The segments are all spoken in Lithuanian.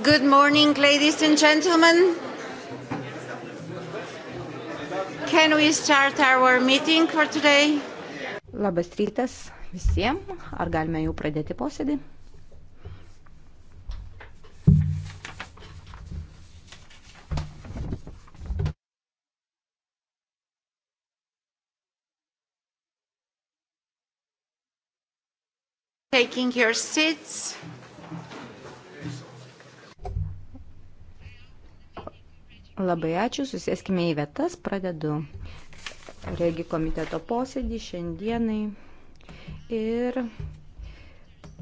Good morning, ladies and gentlemen. Can we start our meeting for today? Labas rytas visiems. Ar galime jau pradėti posėdį? Taking your seats. Labai ačiū, susėskime į vietas, pradedu regi komiteto posėdį šiandienai. Ir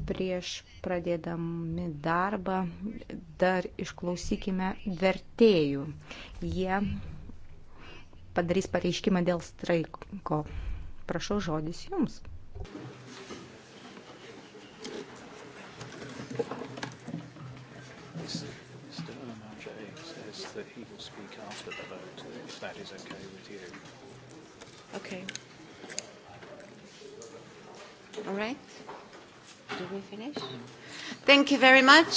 prieš pradėdami darbą dar išklausykime vertėjų. Jie padarys pareiškimą dėl straiko. Prašau žodis jums. Thank you that he will speak after the vote, if that is okay with you. Okay. All right. Do we finish? Thank you very much.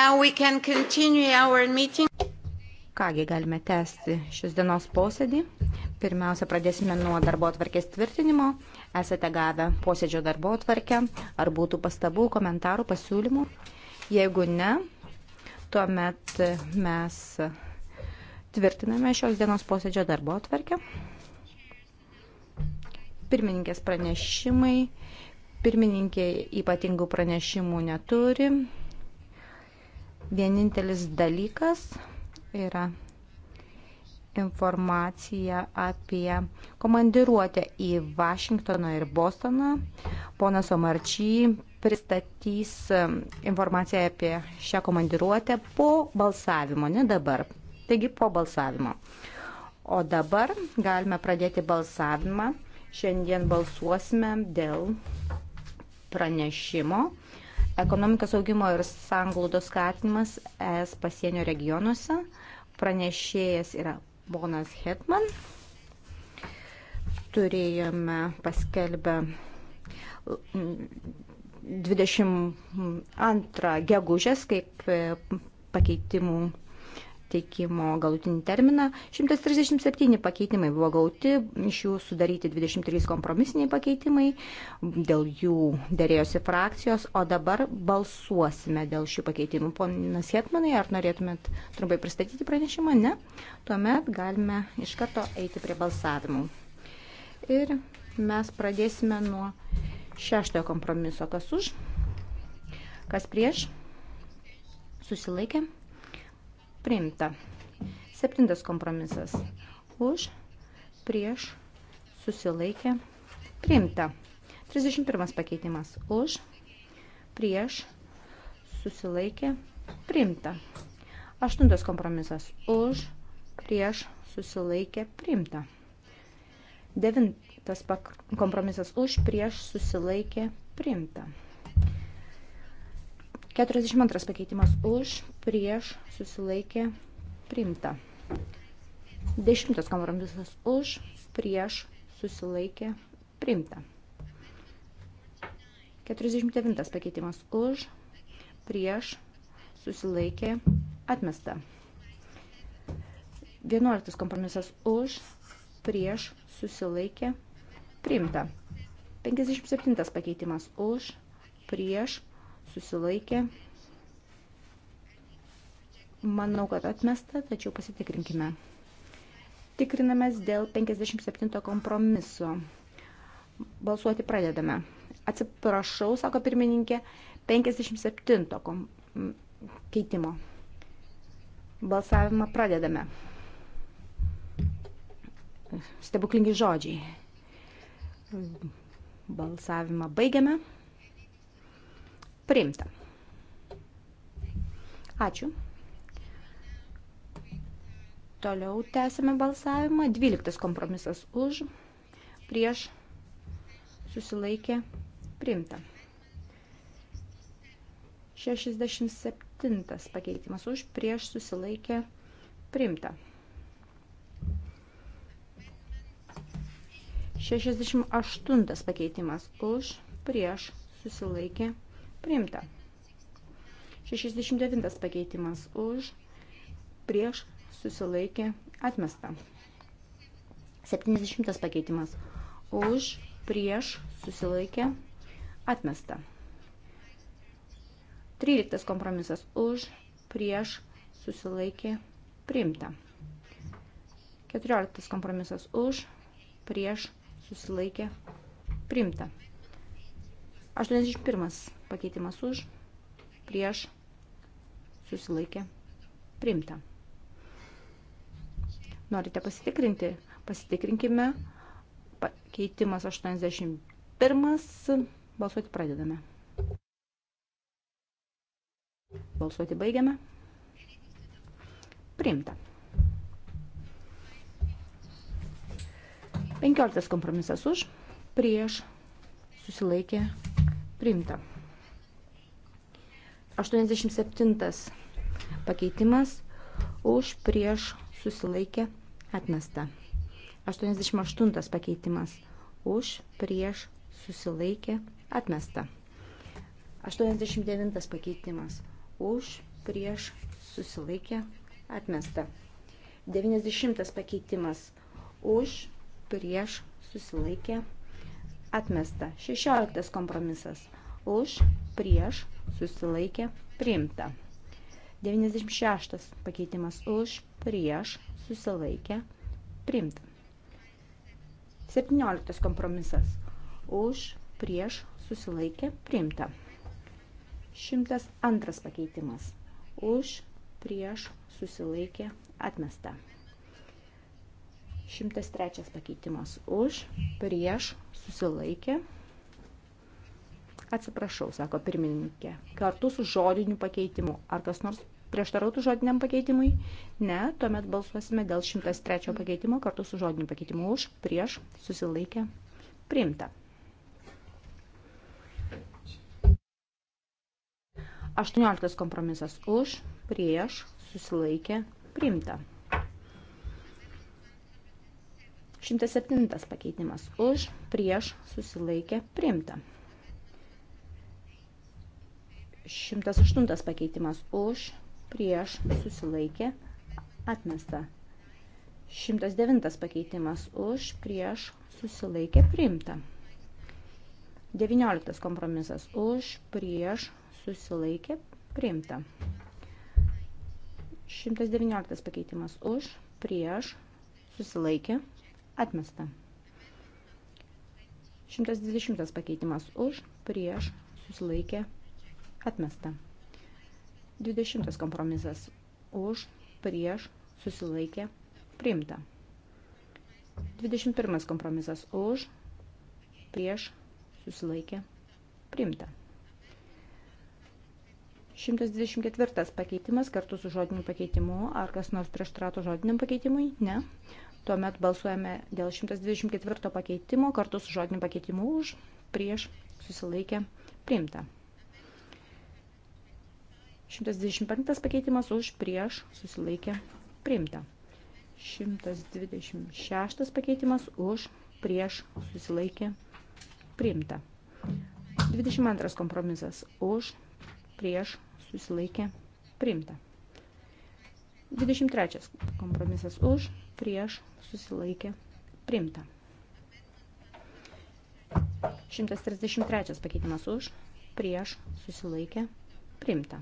Now we can continue our meeting. Kągi galime tęsti šios dienos posėdį. Pirmiausia, pradėsime nuo darbo atvarkės tvirtinimo. Esate gavę posėdžio darbo atvarkę. Ar būtų pastabų, komentarų, pasiūlymų? Jeigu ne, Tuomet mes tvirtiname šios dienos posėdžio darbo atvarkę. Pirmininkės pranešimai. Pirmininkė ypatingų pranešimų neturi. Vienintelis dalykas yra informaciją apie komandiruotę į Vašingtoną ir Bostoną. Ponas Omarčiai pristatys um, informaciją apie šią komandiruotę po balsavimo, ne dabar. Taigi po balsavimo. O dabar galime pradėti balsavimą. Šiandien balsuosime dėl pranešimo ekonomikos augimo ir sanglaudos skatinimas es pasienio regionuose. Pranešėjas yra Bonas Hetman. Turėjome paskelbę 22 mm, gegužės kaip e, pakeitimų teikimo galutinį terminą. 137 pakeitimai buvo gauti, iš jų sudaryti 23 kompromisiniai pakeitimai, dėl jų dėrėjosi frakcijos, o dabar balsuosime dėl šių pakeitimų. Ponas Hetmanai, ar norėtumėt trumpai pristatyti pranešimą? Ne. Tuomet galime iš karto eiti prie balsavimų. Ir mes pradėsime nuo šeštojo kompromiso. Kas už? Kas prieš? Susilaikėm? priimta. Septintas kompromisas. Už, prieš, susilaikė, priimta. 31 pakeitimas. Už, prieš, susilaikė, priimta. Aštuntas kompromisas. Už, prieš, susilaikė, priimta. Devintas kompromisas. Už, prieš, susilaikė, priimta. 42 pakeitimas už, prieš, susilaikė, priimta. 10 kompromisas už, prieš, susilaikė, priimta. 49 pakeitimas už, prieš, susilaikė, atmesta. 11 kompromisas už, prieš, susilaikė, priimta. 57 pakeitimas už, prieš, susilaikė. Manau, kad atmesta, tačiau pasitikrinkime. Tikrinamės dėl 57 kompromiso. Balsuoti pradedame. Atsiprašau, sako pirmininkė, 57 kom... keitimo. Balsavimą pradedame. Stebuklingi žodžiai. Balsavimą baigiame. Priimta. Ačiū. Toliau tęsime balsavimą. 12 kompromisas už, prieš, susilaikė, priimta. 67 pakeitimas už, prieš, susilaikė, priimta. 68 pakeitimas už, prieš, susilaikė, priimta. Priimta. 69 pakeitimas už, prieš, susilaikė, atmesta. 70 pakeitimas už, prieš, susilaikė, atmesta. 13 kompromisas už, prieš, susilaikė, priimta. 14 kompromisas už, prieš, susilaikė, priimta. 81 pakeitimas už, prieš, susilaikė, priimta. Norite pasitikrinti? Pasitikrinkime. Pakeitimas 81. Balsuoti pradedame. Balsuoti baigiame. Priimta. 15 kompromisas už, prieš, susilaikė, priimta Priimta. 87 pakeitimas už prieš susilaikę atmesta. 88 pakeitimas už prieš susilaikę atmesta. 89 pakeitimas už prieš susilaikę atmesta. 90 pakeitimas už prieš susilaikę atmesta atmesta. 16 kompromisas už, prieš, susilaikė, priimta. 96 pakeitimas už, prieš, susilaikė, priimta. 17 kompromisas už, prieš, susilaikė, priimta. 102 pakeitimas už, prieš, susilaikė, atmesta. 103 pakeitimas už, prieš, susilaikė. Atsiprašau, sako pirmininkė, kartu su žodiniu pakeitimu. Ar kas nors prieštarautų žodiniam pakeitimui? Ne, tuomet balsuosime dėl 103 pakeitimo kartu su žodiniu pakeitimu už, prieš, susilaikė, priimta. Aštuonioliktas kompromisas už, prieš, susilaikė, priimta. 107 pakeitimas už, prieš, susilaikė, priimta. 108 pakeitimas už, prieš, susilaikė, atmesta. 109 pakeitimas už, prieš, susilaikė, priimta. 19 kompromisas už, prieš, susilaikė, priimta. 119 pakeitimas už, prieš, susilaikė, Atmesta. 120 pakeitimas už, prieš, susilaikė, atmesta. 20 kompromisas už, prieš, susilaikė, priimta. 21 kompromisas už, prieš, susilaikė, priimta. 124 pakeitimas kartu su žodiniu pakeitimu. Ar kas nors prieštrato žodiniam pakeitimui? Ne. Tuomet balsuojame dėl 124 pakeitimo kartu su žodiniu pakeitimu už, prieš, susilaikę, priimta. 125 pakeitimas už, prieš, susilaikę, priimta. 126 pakeitimas už, prieš, susilaikė, priimta. 22 kompromisas už, prieš, susilaikė, priimta. 23 kompromisas už, prieš susilaikė priimta. 133 pakeitimas už, prieš susilaikė priimta.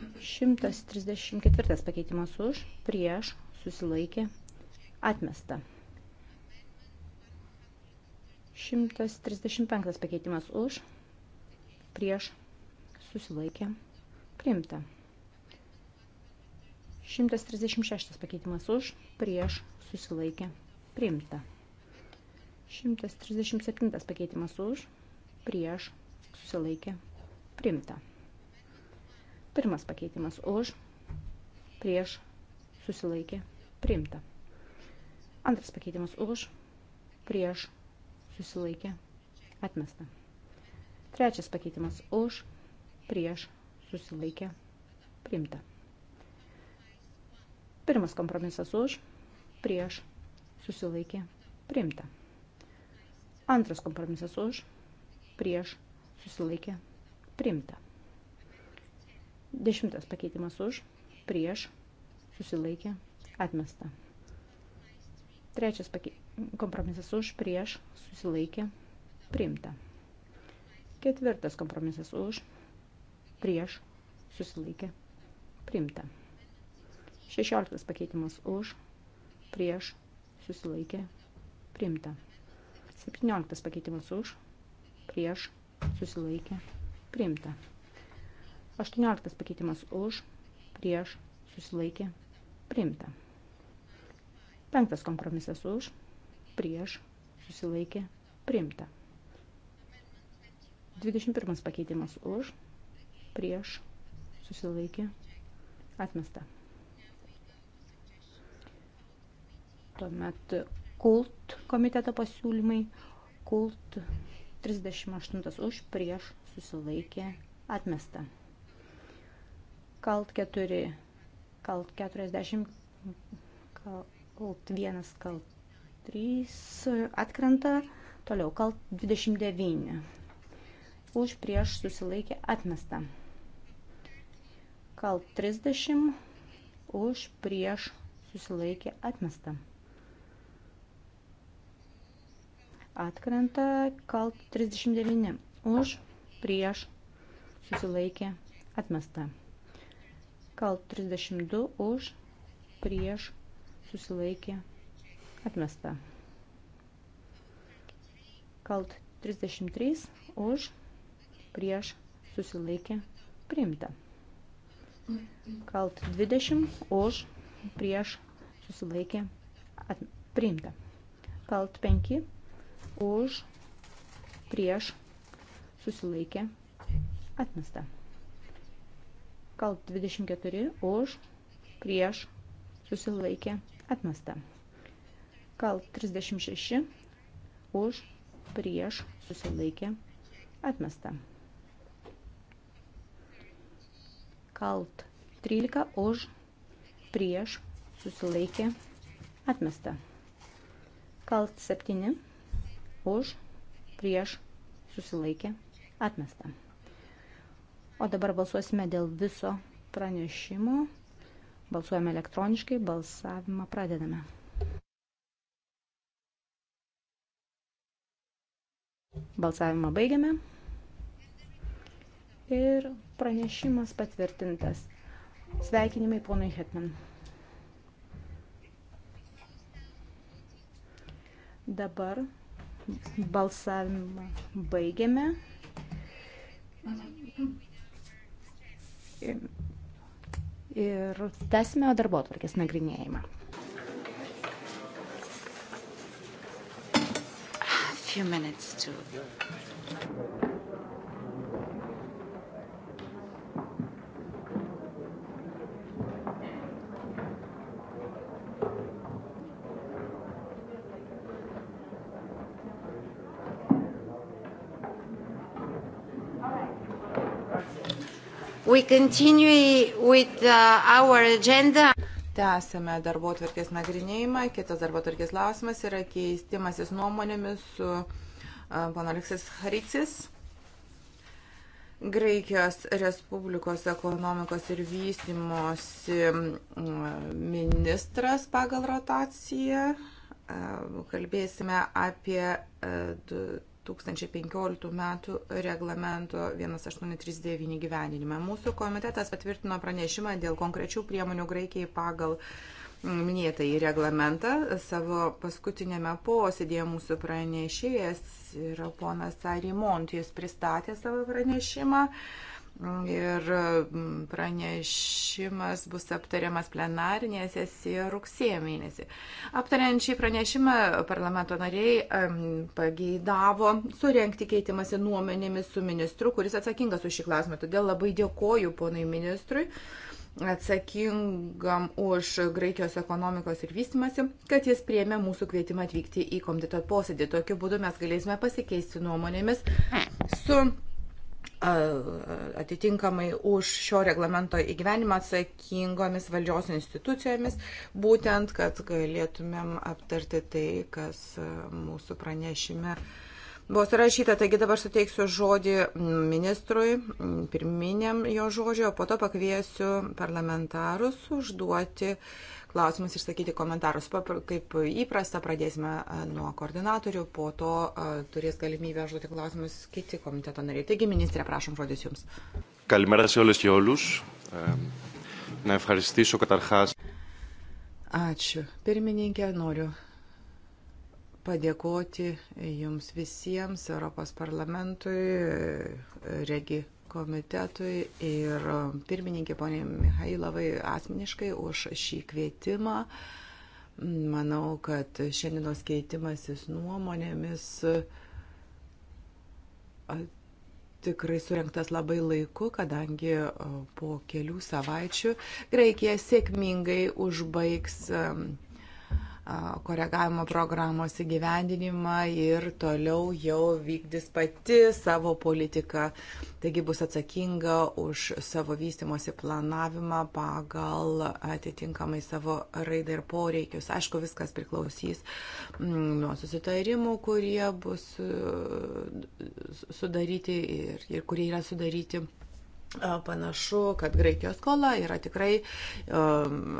134 pakeitimas už, prieš susilaikė atmesta. 135 pakeitimas už, prieš susilaikė priimta. 136 pakeitimas už, prieš, susilaikė, priimta. 137 pakeitimas už, prieš, susilaikė, priimta. Pirmas pakeitimas už, prieš, susilaikė, priimta. Antras pakeitimas už, prieš, susilaikė, atmesta. Trečias pakeitimas už, prieš, susilaikė, priimta. Pirmas kompromisas už, prieš, susilaikė, priimta. Antras kompromisas už, prieš, susilaikė, priimta. Dešimtas pakeitimas už, prieš, susilaikė, atmesta. Trečias pake... kompromisas už, prieš, susilaikė, priimta. Ketvirtas kompromisas už, prieš, susilaikė, priimta. 16 pakeitimas už, prieš, susilaikė, priimta. 17 pakeitimas už, prieš, susilaikė, priimta. 18 pakeitimas už, prieš, susilaikė, priimta. 5 kompromisas už, prieš, susilaikė, priimta. 21 pakeitimas už, prieš, susilaikė, atmesta. Tuomet kult komiteto pasiūlymai. Kult 38 už prieš susilaikė atmesta. Kalt 4, kalt 40, kalt 1, kalt 3 atkrenta. Toliau kalt 29 už prieš susilaikė atmesta. Kalt 30 už prieš susilaikė atmesta. atkrenta, kalt 39 už, prieš, susilaikė, atmesta. Kalt 32 už, prieš, susilaikė, atmesta. Kalt 33 už, prieš, susilaikė, priimta. Kalt 20 už, prieš, susilaikė, at, priimta. Kalt 5 už, prieš, susilaikė, atmesta. Kalt 24 už, prieš, susilaikė, atmesta. Kalt 36 už, prieš, susilaikė, atmesta. Kalt 13 už, prieš, susilaikė, atmesta. Kalt 7 už, prieš, susilaikė, atmesta. O dabar balsuosime dėl viso pranešimo. Balsuojame elektroniškai, balsavimą pradedame. Balsavimą baigiame. Ir pranešimas patvirtintas. Sveikinimai ponui Hetman. Dabar Balsavimą baigiame. Ir tęsime darbo atvarkės nagrinėjimą. A few minutes to Uh, Tęsime darbo tvarkės nagrinėjimą. Kitas darbo tvarkės klausimas yra keistimasis nuomonėmis su uh, pana Aleksis Haricis. Graikijos Respublikos ekonomikos ir vystimosi mm, ministras pagal rotaciją. Uh, kalbėsime apie 2015 metų reglamento 1839 gyveninimą. Mūsų komitetas patvirtino pranešimą dėl konkrečių priemonių Graikijai pagal mm, minėtąjį reglamentą. Savo paskutinėme posėdėje mūsų pranešėjas yra ponas Arimonti, jis pristatė savo pranešimą. Uh, Ir mm, pranešimas bus aptariamas plenarinėje sesijoje rugsėjo mėnesį. Aptariant šį pranešimą, parlamento nariai mm, pageidavo surenkti keitimąsi nuomenėmis su ministru, kuris atsakingas už šį klausimą. Todėl labai dėkoju ponui ministrui atsakingam už Graikijos ekonomikos ir vystimasi, kad jis priemė mūsų kvietimą atvykti į komiteto posėdį. Tokiu būdu mes galėsime pasikeisti nuomonėmis su atitinkamai už šio reglamento įgyvenimą atsakingomis valdžios institucijomis, būtent, kad galėtumėm aptarti tai, kas mūsų pranešime buvo surašyta. Taigi dabar suteiksiu žodį ministrui, pirminiam jo žodžio, o po to pakviesiu parlamentarus užduoti uh, klausimus, išsakyti komentarus. Kaip įprasta, pradėsime nuo koordinatorių, po to turės galimybę užduoti klausimus kiti komiteto nariai. Taigi, ministrė, prašom žodis Jums. Καλημέρα σε όλες και όλους. Ε, να ευχαριστήσω καταρχάς. Ačiū. Pirmininkė, noriu padėkoti Jums visiems, Europos parlamentui, Regi komitetui ir um, pirmininkė ponė Mihailovai asmeniškai už šį kvietimą. Manau, kad šiandienos keitimasis nuomonėmis tikrai surinktas labai laiku, kadangi po kelių savaičių Graikija sėkmingai užbaigs um, koregavimo programos įgyvendinimą ir toliau jau vykdys pati savo politiką. Taigi bus atsakinga už savo vystimosi planavimą pagal atitinkamai savo raidą ir poreikius. Aišku, viskas priklausys mm, nuo susitarimų, kurie bus e, sudaryti ir, ir kurie yra sudaryti Panašu, kad Graikijos skola yra tikrai um,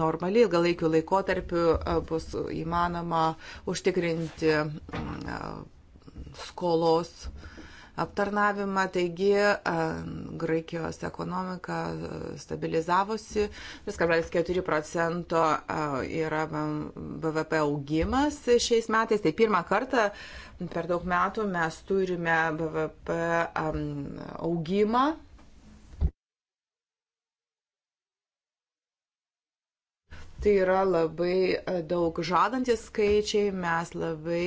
normali ilgalaikių laikotarpių bus įmanoma užtikrinti um, skolos uh, aptarnavimą. Taigi Graikijos ekonomika stabilizavosi, 2,4 procento yra BVP augimas šiais metais. Tai pirmą kartą per daug metų mes turime BVP augimą tai yra labai daug žadantis skaičiai, mes labai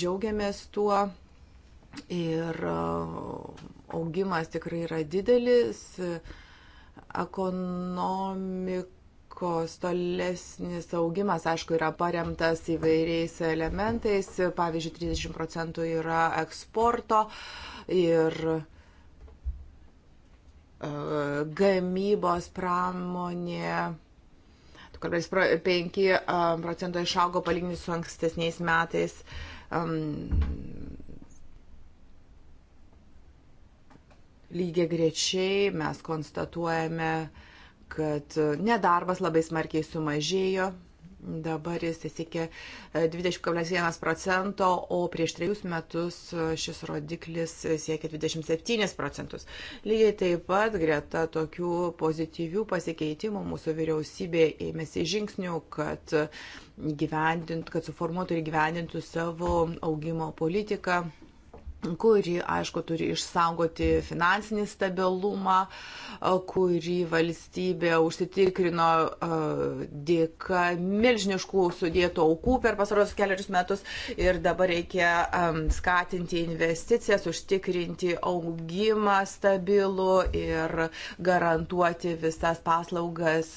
džiaugiamės tuo ir e, augimas tikrai yra didelis, ekonomikos tolesnis augimas, aišku, yra paremtas įvairiais elementais, pavyzdžiui, 30 procentų yra eksporto ir e, gamybos pramonė. 5 e, procentai išaugo palyginti su ankstesniais metais lygiai grečiai mes konstatuojame, kad nedarbas labai smarkiai sumažėjo. Dabar jis įsikė 20,1 e, procento, o prieš trejus metus e, šis rodiklis siekia 27 procentus. Lygiai taip pat greta tokių pozityvių pasikeitimų mūsų vyriausybė ėmėsi žingsnių, kad, kad suformuotų ir gyvendintų savo augimo politiką kuri, aišku, turi išsaugoti finansinį stabilumą, kurį valstybė užsitikrino dėka milžiniškų sudėtų aukų per pasaros keliarius metus ir dabar reikia skatinti investicijas, užtikrinti augimą stabilų ir garantuoti visas paslaugas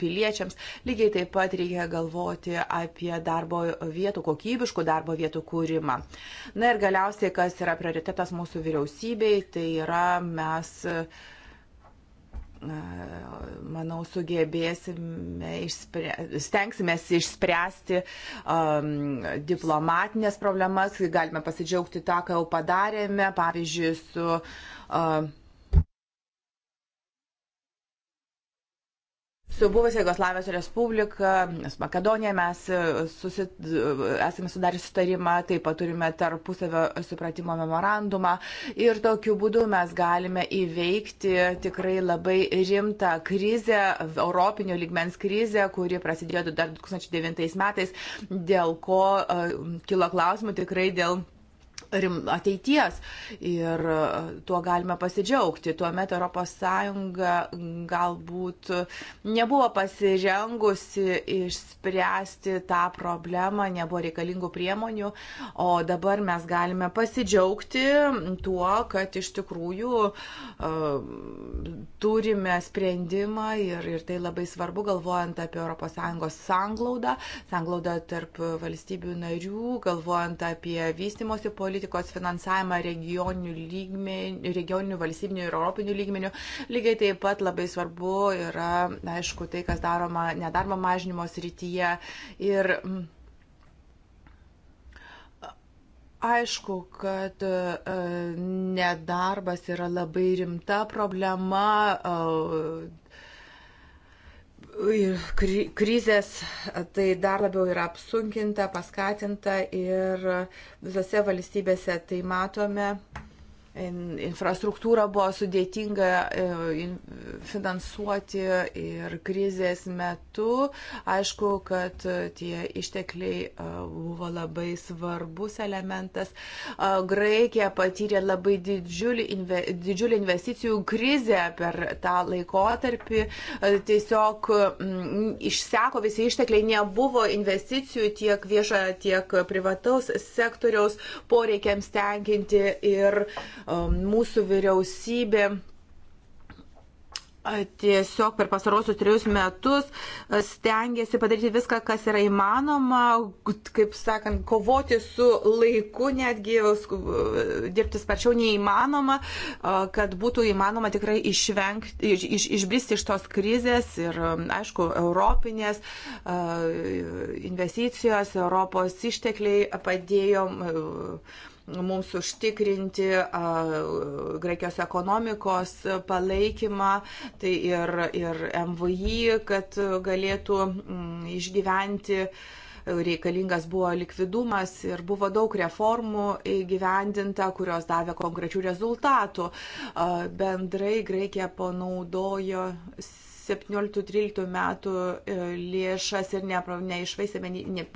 piliečiams. Lygiai taip pat reikia galvoti apie darbo vietų, kokybiškų darbo vietų kūrimą. Na ir galiausiai, kas yra prioritetas mūsų vyriausybei, tai yra mes e, manau, sugebėsime, išspre, stengsime išspręsti um, diplomatinės problemas, galime pasidžiaugti tą, ką jau padarėme, pavyzdžiui, su um, Su buvusia Jugoslavijos Respublika, Makedonija mes e, susit, esame sudarę sutarimą, taip pat turime tarpusavio supratimo memorandumą ir tokiu būdu mes galime įveikti tikrai labai rimtą krizę, europinio ligmens krizę, kuri prasidėjo dar 2009 metais, dėl ko e, kilo klausimų tikrai dėl rim, ateities ir e, tuo galime pasidžiaugti. Tuomet ES galbūt nebuvo pasirengusi išspręsti tą problemą, nebuvo reikalingų priemonių, o dabar mes galime pasidžiaugti tuo, kad iš tikrųjų uh, turime sprendimą ir, ir tai labai svarbu galvojant apie ES sanglaudą, sanglaudą tarp valstybių narių, galvojant apie vystimosi politiką politikos finansavimą regioninių, lygmenių, regioninių valstybinių ir europinių lygmenių. Lygiai taip pat labai svarbu yra, aišku, tai, kas daroma nedarbo mažinimo srityje. Ir, mm, Aišku, kad e, nedarbas yra labai rimta problema, e, krizės tai dar labiau yra apsunkinta, paskatinta ir visose valstybėse tai matome infrastruktūrą buvo sudėtinga e, finansuoti ir krizės metu. Aišku, kad tie ištekliai e, buvo labai svarbus elementas. E, Graikija patyrė labai didžiulį, inve, didžiulį investicijų krizę per tą laikotarpį. Tiesiog mm, išseko visi ištekliai, nebuvo investicijų tiek viešojo, tiek privataus sektoriaus poreikiams tenkinti. Ir uh, Um, mūsų vyriausybė tiesiog per pasarosius trejus metus stengiasi padaryti viską, kas yra įmanoma, kaip sakant, kovoti su laiku, netgi dirbti sparčiau neįmanoma, kad būtų įmanoma tikrai išvengti, iš, iš, išbristi iš tos krizės ir, um, aišku, europinės investicijos, Europos ištekliai padėjo mums užtikrinti Graikijos ekonomikos palaikymą, tai ir, ir MVI, kad galėtų mm, išgyventi reikalingas buvo likvidumas ir buvo daug reformų įgyvendinta, kurios davė konkrečių rezultatų. Bendrai Graikija panaudojo 17-13 metų e, lėšas ir neišvaisėme,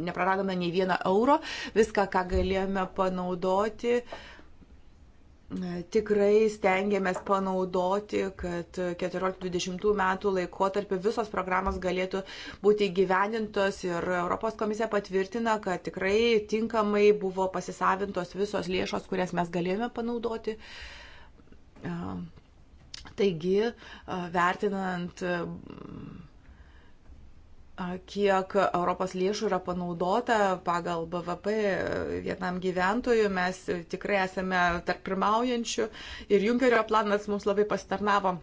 nepraradome nei vieną euro, viską, ką galėjome panaudoti. E, tikrai stengiamės panaudoti, kad 14-20 metų laikotarpiu visos programos galėtų būti gyvenintos ir Europos komisija patvirtina, kad tikrai tinkamai buvo pasisavintos visos lėšos, kurias mes galėjome panaudoti e, Taigi, vertinant kiek Europos lėšų yra panaudota pagal BVP vienam gyventojui, mes tikrai esame tarp pirmaujančių ir Junkerio planas mums labai pastarnavo.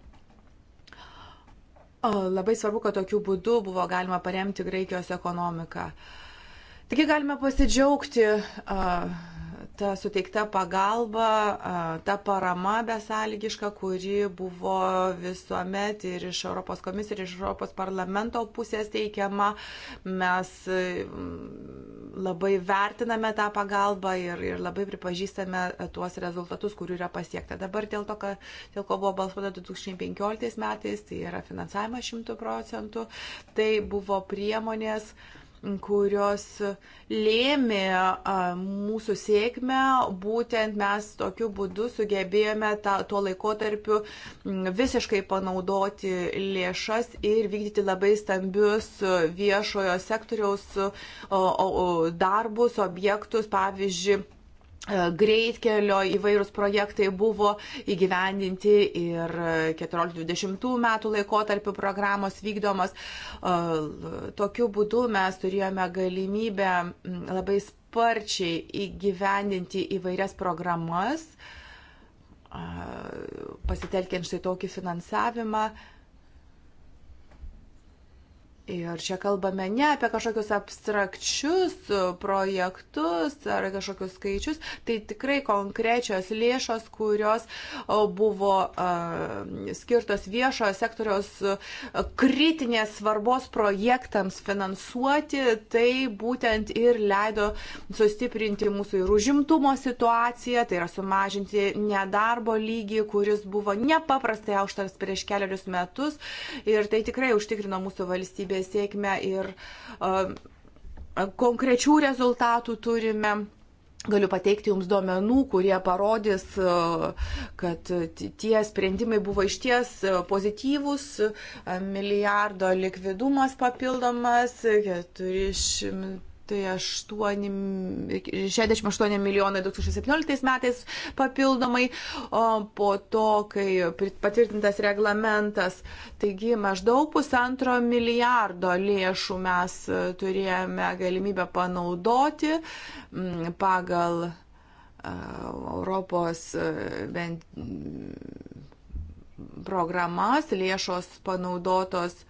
Labai svarbu, kad tokiu būdu buvo galima paremti Graikijos ekonomiką. Taigi galime pasidžiaugti uh, ta suteikta pagalba, ta parama besąlygiška, kuri buvo visuomet ir iš Europos komisijos, ir iš Europos parlamento pusės teikiama. Mes e, labai vertiname tą pagalbą ir, ir labai pripažįstame e, tuos rezultatus, kurių yra pasiekta. Dabar dėl to, kad, dėl ko buvo balsuota 2015 metais, tai yra finansavimas 100 procentų, tai buvo priemonės, uh, kurios lėmė mūsų sėkmę, būtent mes tokiu būdu sugebėjome ta, tuo laikotarpiu visiškai panaudoti lėšas ir vykdyti labai stambius viešojo sektoriaus darbus, objektus, pavyzdžiui, E, greitkelio įvairūs projektai buvo įgyvendinti ir 14-20 metų laikotarpių programos vykdomos. E, tokiu būdu mes turėjome galimybę labai sparčiai įgyvendinti įvairias programas, e, pasitelkiant štai tokį finansavimą. Ir čia kalbame ne apie kažkokius abstrakčius projektus ar kažkokius skaičius, tai tikrai konkrečios lėšos, kurios buvo skirtos viešojo sektoriaus kritinės svarbos projektams finansuoti, tai būtent ir leido sustiprinti mūsų ir užimtumo situaciją, tai yra sumažinti nedarbo lygį, kuris buvo nepaprastai aukštas prieš keliarius metus ir tai tikrai užtikrino mūsų valstybę valstybės sėkmę ir um, konkrečių rezultatų turime. Galiu pateikti jums duomenų, kurie parodys, kad tie sprendimai buvo išties pozityvūs, milijardo likvidumas papildomas, 400 Tai 8, 68 milijonai 2017 metais papildomai, o po to, kai patvirtintas reglamentas, taigi maždaug pusantro milijardo lėšų mes e, turėjome galimybę panaudoti pagal e, Europos e, bent programas, lėšos panaudotos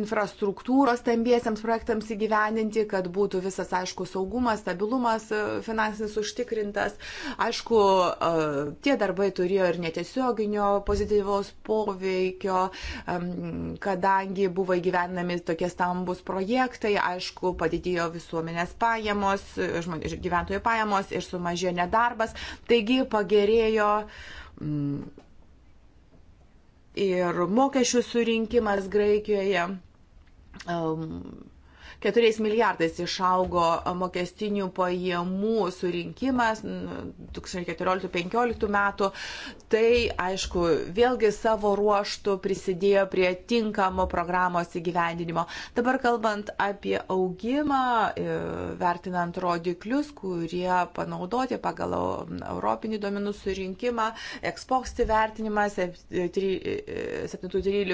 infrastruktūros stambiesiems projektams įgyveninti, kad būtų visas, aišku, saugumas, stabilumas e, finansinis užtikrintas. Aišku, e, tie darbai turėjo ir netiesioginio pozityvos poveikio, kadangi buvo įgyvenami tokie stambus projektai, aišku, padidėjo visuomenės pajamos, gyventojų pajamos ir sumažėjo nedarbas. Taigi pagerėjo ir mokesčių surinkimas Graikijoje um, 4 milijardais išaugo mokestinių pajamų surinkimas 2014-2015 metų. Tai, aišku, vėlgi savo ruoštų prisidėjo prie tinkamo programos įgyvendinimo. Dabar kalbant apie augimą, e, vertinant rodiklius, kurie panaudoti pagal Europinį duomenų surinkimą, ekspoksti vertinimą 7-13 e, e,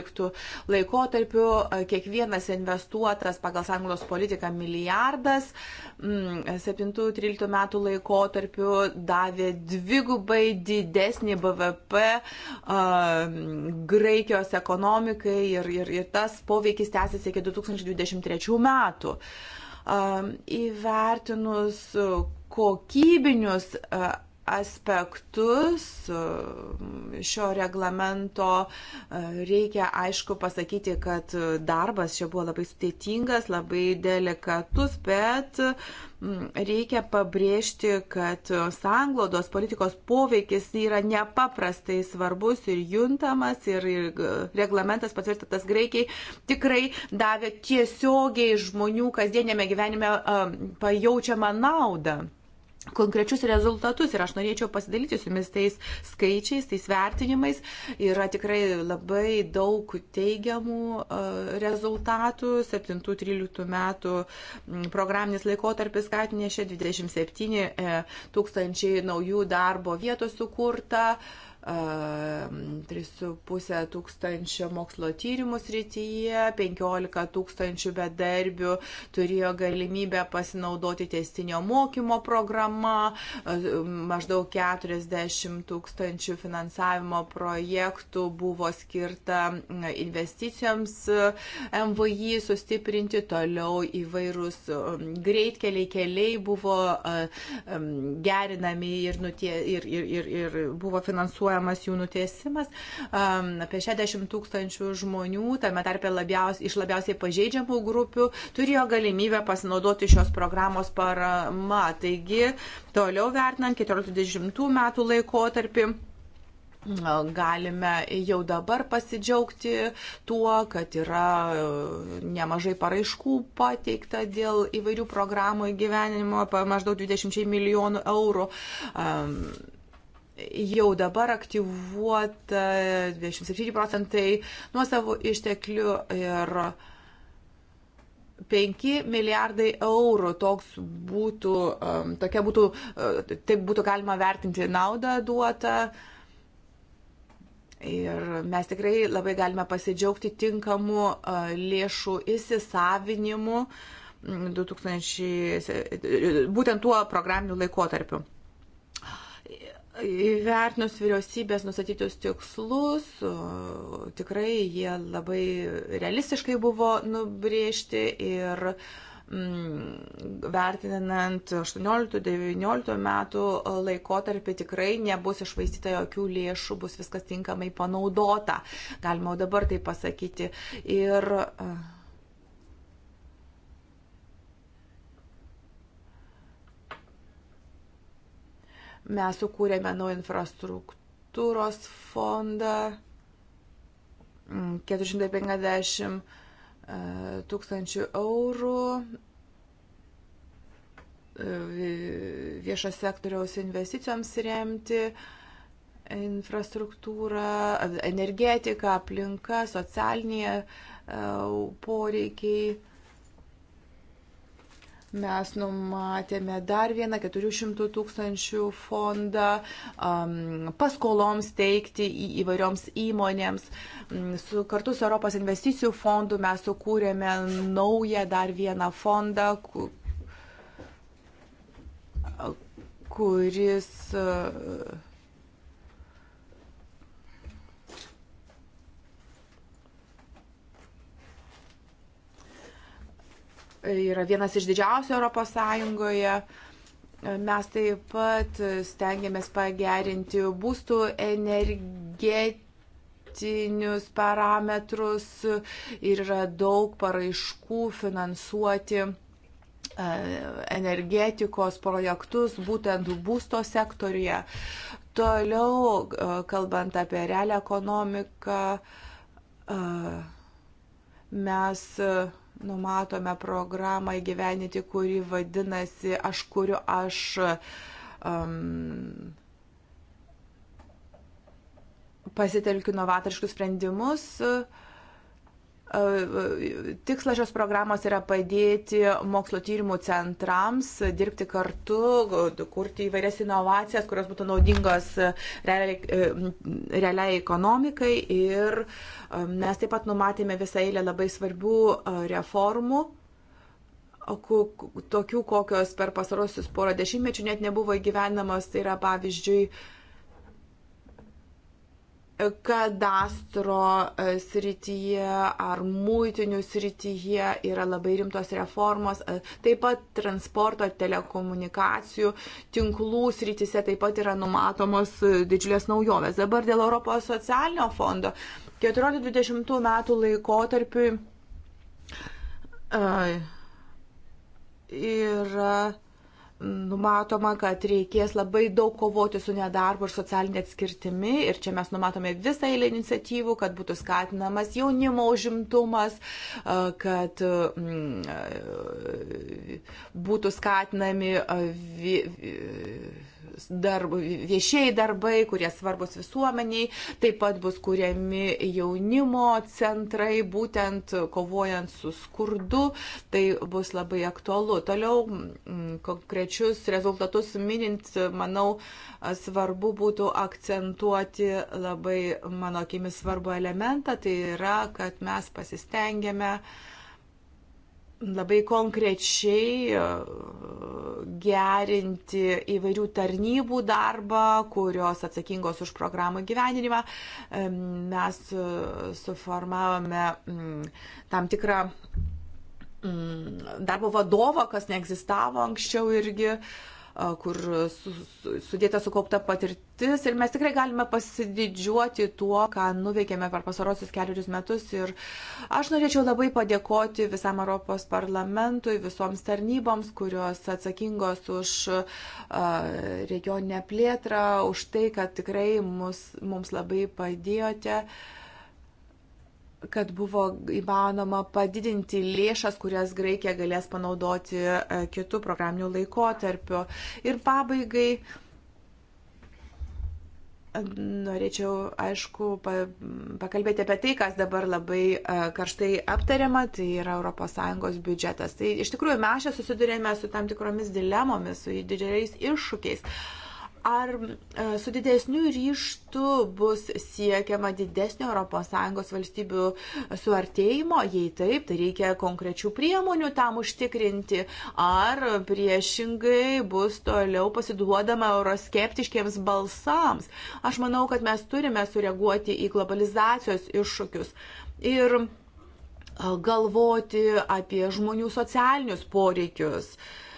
laikotarpiu, kiekvienas investuotas pagal sąjungų sanglaudos politika milijardas 7-13 mm, metų laikotarpiu davė dvigubai didesnį BVP Graikijos ekonomikai ir, ir, ir tas poveikis tęsiasi iki 2023 metų. Įvertinus kokybinius aspektus šio reglamento reikia aišku pasakyti, kad darbas čia buvo labai sudėtingas, labai delikatus, bet reikia pabrėžti, kad sanglodos politikos poveikis yra nepaprastai svarbus ir juntamas ir reglamentas patvirtintas greikiai tikrai davė tiesiogiai žmonių kasdienėme gyvenime pajaučiamą naudą konkrečius rezultatus ir aš norėčiau pasidalyti su jumis tais skaičiais, tais vertinimais. Yra tikrai labai daug teigiamų e, rezultatų. 7-13 metų programinis laikotarpis skatinė 27 e, tūkstančiai naujų darbo vietų sukurta. 3,5 tūkstančio mokslo tyrimų srityje, 15 tūkstančių bedarbių turėjo galimybę pasinaudoti testinio mokymo programa, maždaug 40 tūkstančių finansavimo projektų buvo skirta investicijoms MVI sustiprinti, toliau įvairūs um, greitkeliai keliai buvo uh, um, gerinami ir, nutie, ir, ir, ir, ir buvo finansuojami blokuojamas jų nutiesimas. Apie 60 tūkstančių žmonių, tame tarpe labiaus, iš labiausiai pažeidžiamų grupių, turėjo galimybę pasinaudoti šios programos parama. Taigi, toliau vertinant 14-20 metų laikotarpį galime jau dabar pasidžiaugti tuo, kad yra e, nemažai paraiškų pateikta dėl įvairių programų įgyvenimo, maždaug 20 milijonų eurų. Um, jau dabar aktyvuota 27 procentai nuosavų išteklių ir 5 milijardai eurų toks būtų, um, tokia būtų, uh, taip būtų galima vertinti naudą duotą. Ir mes tikrai labai galime pasidžiaugti tinkamu uh, lėšų įsisavinimu 2000, mm, būtent tuo programiniu laikotarpiu. Įvertinus vyriausybės nustatytus tikslus, tikrai jie labai realistiškai buvo nubrėžti ir mm, vertinant 18-19 metų laikotarpį tikrai nebus išvaistyta jokių lėšų, bus viskas tinkamai panaudota. Galima dabar tai pasakyti. Ir uh, Mes sukūrėme naują infrastruktūros fondą 450 mm, e, tūkstančių eurų e, viešo sektoriaus investicijoms remti infrastruktūra, energetika, aplinka, socialiniai e, poreikiai Mes numatėme dar vieną 400 tūkstančių fondą um, paskoloms teikti į, įvairioms įmonėms. Mm, su, kartu su Europos investicijų fondu mes sukūrėme naują dar vieną fondą, ku, kuris. Uh, yra vienas iš didžiausių Europos Sąjungoje. Mes taip pat stengiamės pagerinti būstų energetinius parametrus ir yra daug paraiškų finansuoti e, energetikos projektus būtent būsto sektoriuje. Toliau, e, kalbant apie realią ekonomiką, e, mes numatome programą įgyveninti, kuri vadinasi Aš kuriu aš. Um, pasitelkiu novatoriškus sprendimus. Uh, Tikslas šios programos yra padėti mokslo tyrimų centrams dirbti kartu, kurti įvairias inovacijas, kurios būtų naudingos realiai, realiai ekonomikai. Ir um, mes taip pat numatėme visą eilę labai svarbių uh, reformų tokių, kokios per pasarosius porą dešimtmečių net nebuvo įgyvenamos. Tai yra, pavyzdžiui, kadastro e, srityje ar muitinių srityje yra labai rimtos reformos, e, taip pat transporto, telekomunikacijų, tinklų srityse taip pat yra numatomos e, didžiulės naujovės. Dabar dėl Europos socialinio fondo 14-20 metų laikotarpiu yra numatoma, kad reikės labai daug kovoti su nedarbu ir socialinė atskirtimi. Ir čia mes numatome visą eilę iniciatyvų, kad būtų skatinamas jaunimo užimtumas, kad mm, būtų skatinami darb, viešieji darbai, kurie svarbus visuomeniai, taip pat bus kuriami jaunimo centrai, būtent kovojant su skurdu, tai bus labai aktualu. Toliau mm, konkrečius rezultatus minint, manau, svarbu būtų akcentuoti labai, mano akimis, svarbu elementą, tai yra, kad mes pasistengėme, uh, labai konkrečiai e, gerinti įvairių tarnybų darbą, kurios atsakingos už programų gyvenimą. E, mes e, suformavome mm, tam tikrą mm, darbo vadovą, kas neegzistavo anksčiau irgi. Uh, kur su, su, sudėta sukaupta patirtis ir mes tikrai galime pasididžiuoti tuo, ką nuveikėme per pasarosius keliarius metus. Ir aš norėčiau labai padėkoti visam Europos parlamentui, visoms tarnyboms, kurios atsakingos už uh, regioninę plėtrą, už tai, kad tikrai mus, mums labai padėjote. Uh, kad buvo įmanoma padidinti lėšas, kurias Graikija galės panaudoti e, kitų programinių laikotarpių. Ir pabaigai norėčiau, aišku, pa, pakalbėti apie tai, kas dabar labai e, karštai aptariama, tai yra ES biudžetas. Tai iš tikrųjų mes čia susidurėme su tam tikromis dilemomis, su didžiais iššūkiais. Uh, ar e, su didesniu ryštu bus siekiama didesnio ES valstybių suartėjimo, jei taip, tai reikia konkrečių priemonių tam užtikrinti, ar priešingai bus toliau pasiduodama euroskeptiškiams balsams. Aš manau, kad mes turime sureaguoti į globalizacijos iššūkius. Ir e, galvoti apie žmonių socialinius poreikius. Uh,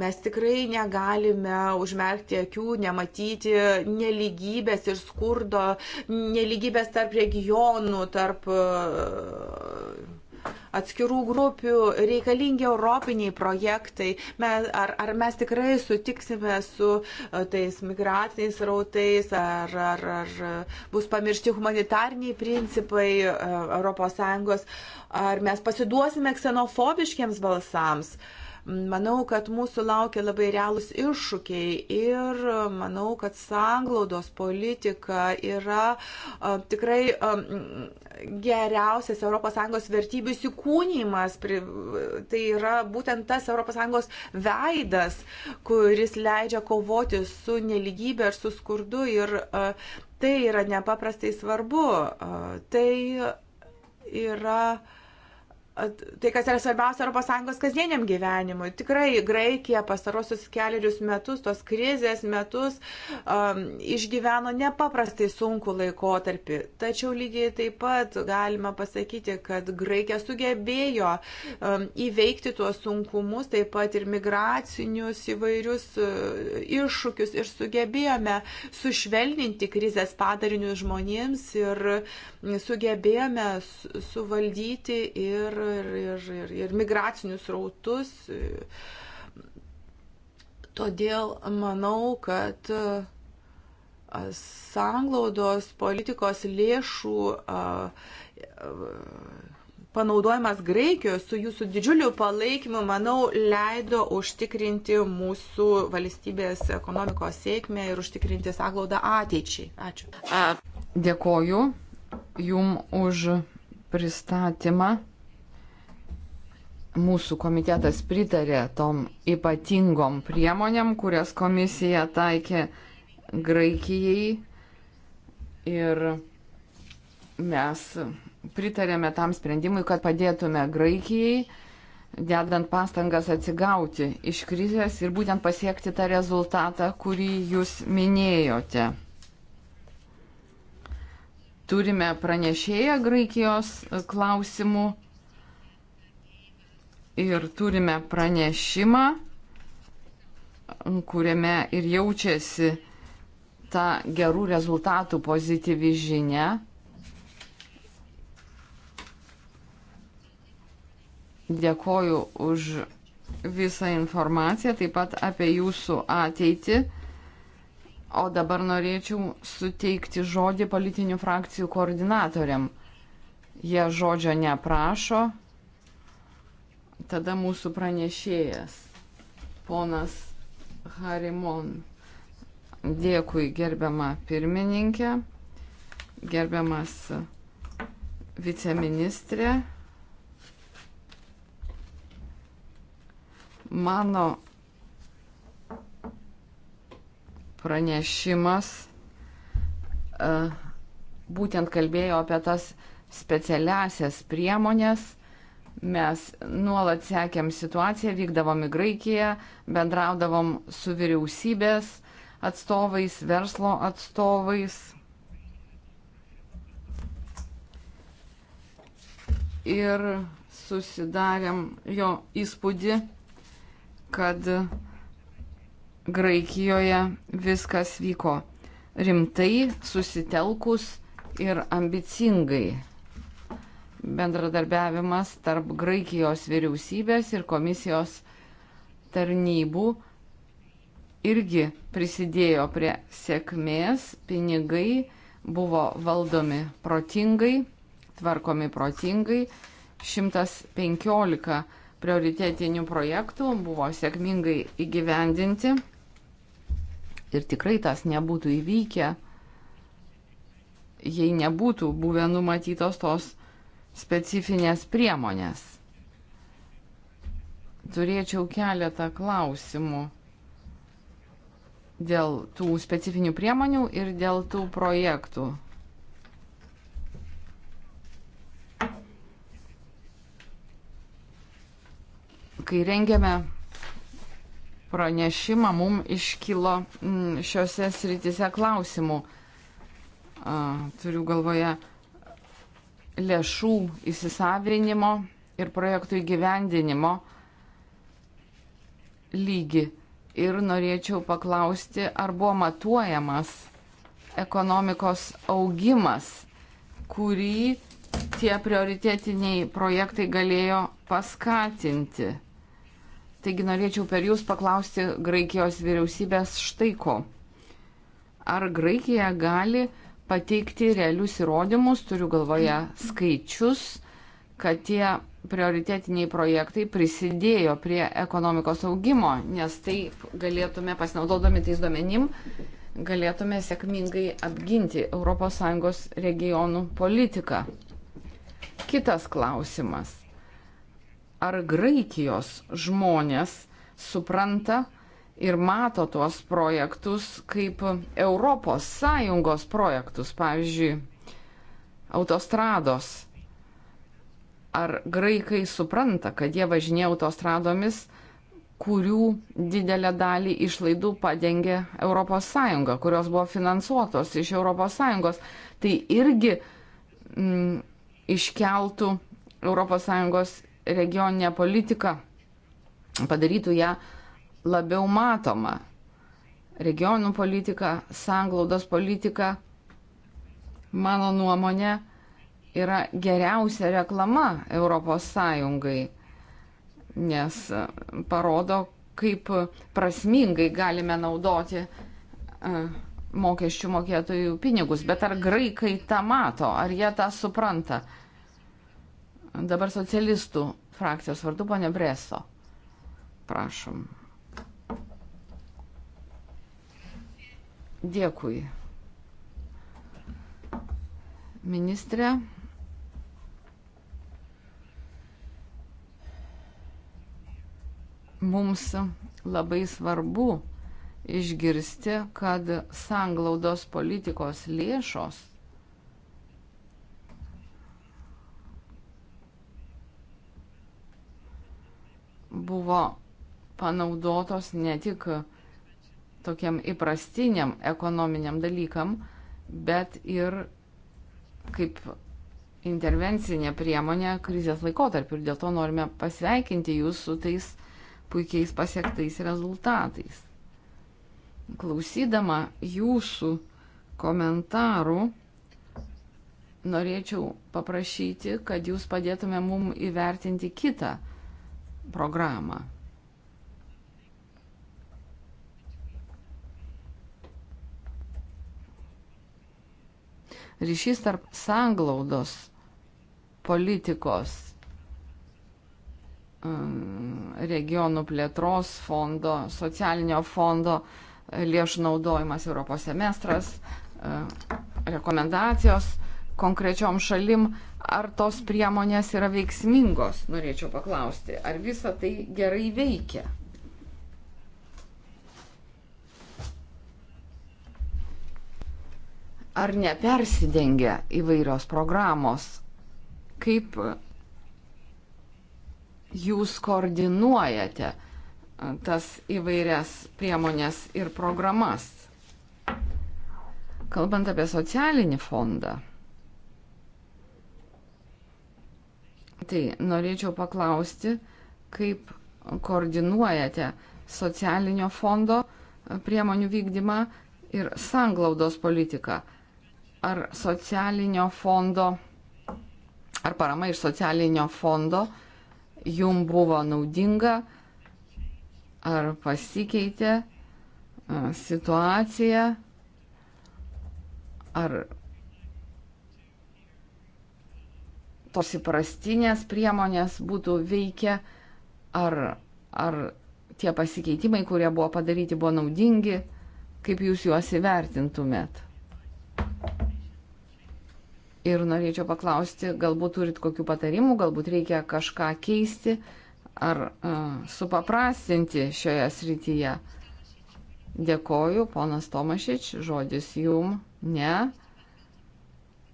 Mes tikrai negalime užmerkti akių, nematyti neligybės ir skurdo, neligybės tarp regionų, tarp e, atskirų grupių, reikalingi europiniai projektai, mes, ar, ar mes tikrai sutiksime su e, tais migratiniais rautais, ar, ar, ar bus pamiršti humanitarniai principai ES, ar mes pasiduosime ksenofobiškiams balsams. Uh, Manau, kad mūsų laukia labai realūs iššūkiai ir um, manau, kad sanglaudos politika yra a, um, tikrai a, um, geriausias ES vertybių įsikūnymas. Tai yra būtent tas ES veidas, kuris leidžia kovoti su neligybė ir su skurdu. Ir a, uh, tai yra nepaprastai svarbu. A, uh, tai yra tai, kas yra svarbiausia ES kasdieniam gyvenimui. Tikrai Graikija pastarosius keliarius metus, tos krizės metus, um, išgyveno nepaprastai sunku laikotarpį. Tačiau lygiai taip pat galima pasakyti, kad Graikija sugebėjo um, įveikti tuos sunkumus, taip pat ir migracinius įvairius uh, iššūkius ir sugebėjome sušvelninti krizės padarinius žmonėms ir sugebėjome suvaldyti ir ir, ir, ir, ir migracinius rautus. Todėl manau, kad sanglaudos politikos lėšų panaudojimas Graikijos su jūsų didžiuliu palaikymu, manau, leido užtikrinti mūsų valstybės ekonomikos sėkmę ir užtikrinti sąglaudą ateičiai. Ačiū. Dėkoju Jum už pristatymą mūsų komitetas pritarė tom ypatingom priemonėm, kurias komisija taikė Graikijai. Ir mes pritarėme tam sprendimui, kad padėtume Graikijai, dedant pastangas atsigauti iš krizės ir būtent pasiekti tą rezultatą, kurį jūs minėjote. Turime pranešėją Graikijos klausimų ir turime pranešimą, kuriame ir jaučiasi ta gerų rezultatų pozityvi žinia. Dėkoju už visą informaciją, taip pat apie jūsų ateitį. O dabar norėčiau suteikti žodį politinių frakcijų koordinatoriam. Jie žodžio neprašo tada mūsų pranešėjas, ponas Harimon. Dėkui gerbiama pirmininkė, gerbiamas viceministrė. Mano pranešimas e, būtent kalbėjo apie tas specialiasias priemonės, Mes nuolat sekėm situaciją, vykdavom į Graikiją, bendraudavom su vyriausybės atstovais, verslo atstovais. Ir susidarėm jo įspūdį, kad Graikijoje viskas vyko rimtai, susitelkus ir ambicingai bendradarbiavimas tarp Graikijos vyriausybės ir komisijos tarnybų irgi prisidėjo prie sėkmės, pinigai buvo valdomi protingai, tvarkomi protingai, 115 prioritetinių projektų buvo sėkmingai įgyvendinti ir tikrai tas nebūtų įvykę, jei nebūtų buvę numatytos tos specifinės priemonės. Turėčiau keletą klausimų dėl tų specifinių priemonių ir dėl tų projektų. Kai rengėme pranešimą, mums iškilo mm, šiuose srityse klausimų. Turiu galvoje, lėšų įsisavinimo ir projektų įgyvendinimo lygį. Ir norėčiau paklausti, ar buvo matuojamas ekonomikos augimas, kurį tie prioritetiniai projektai galėjo paskatinti. Taigi norėčiau per jūs paklausti Graikijos vyriausybės štai ko. Ar Graikija gali pateikti realius įrodymus, turiu galvoje skaičius, kad tie prioritetiniai projektai prisidėjo prie ekonomikos augimo, nes taip galėtume, pasinaudodami tais duomenim, galėtume sėkmingai apginti ES regionų politiką. Kitas klausimas. Ar Graikijos žmonės supranta, ir mato tuos projektus kaip ES projektus, pavyzdžiui, autostrados. Ar graikai supranta, kad jie važinėja autostradomis, kurių didelę dalį išlaidų padengia ES, kurios buvo finansuotos iš ES, tai irgi m, mm, iškeltų ES regioninę politiką, padarytų ją ja labiau matoma. Regionų politika, sanglaudos politika, mano nuomonė, yra geriausia reklama ES, nes e, parodo, kaip prasmingai galime naudoti e, mokesčių mokėtojų pinigus. Bet ar graikai tą mato, ar jie tą supranta? Dabar socialistų frakcijos vardu, ponė Breso. Prašom. Dėkui. Ministrė. Mums labai svarbu išgirsti, kad sanglaudos politikos lėšos buvo panaudotos ne tik tokiam įprastiniam ekonominiam dalykam, bet ir kaip intervencinė priemonė krizės laikotarpiu. Ir dėl to norime pasveikinti jūs su tais puikiais pasiektais rezultatais. Klausydama jūsų komentarų, norėčiau paprašyti, kad jūs padėtume mum įvertinti kitą programą. ryšys tarp sanglaudos politikos um, regionų plėtros fondo, socialinio fondo, lėšų naudojimas Europos semestras, um, rekomendacijos konkrečiom šalim, ar tos priemonės yra veiksmingos, norėčiau paklausti, ar visa tai gerai veikia. Ar nepersidengia įvairios programos? Kaip jūs koordinuojate e, tas įvairias priemonės ir programas? Kalbant apie socialinį fondą, tai norėčiau paklausti, kaip koordinuojate socialinio fondo e, priemonių vykdymą ir sanglaudos politiką ar socialinio fondo, ar parama iš socialinio fondo jum buvo naudinga, ar pasikeitė e, situacija, ar tos įprastinės priemonės būtų veikia, ar, ar tie pasikeitimai, kurie buvo padaryti, buvo naudingi, kaip jūs juos įvertintumėt. Ir norėčiau paklausti, galbūt turit kokių patarimų, galbūt reikia kažką keisti ar uh, supaprastinti šioje srityje. Dėkoju, ponas Tomašič, žodis jum, ne.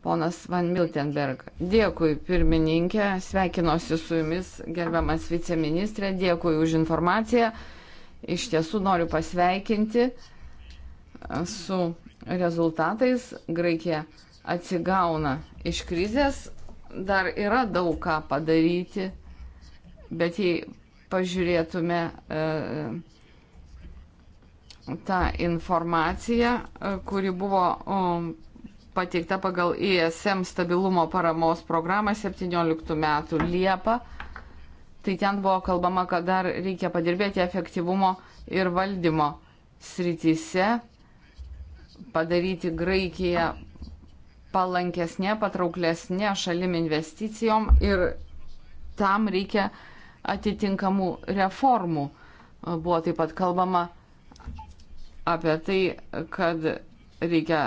Ponas Van Miltenberg, dėkui pirmininkė, sveikinuosi su jumis, gerbiamas viceministrė, dėkui už informaciją. Iš tiesų noriu pasveikinti su rezultatais. Graikija atsigauna iš krizės, dar yra daug ką padaryti, bet jei pažiūrėtume e, tą informaciją, e, kuri buvo o, pateikta pagal ISM e stabilumo paramos programą 17 metų Liepą, tai ten buvo kalbama, kad dar reikia padirbėti efektyvumo ir valdymo srityse, padaryti Graikiją palankesnė, patrauklesnė šalim investicijom ir tam reikia atitinkamų reformų. Buvo taip pat kalbama apie tai, kad reikia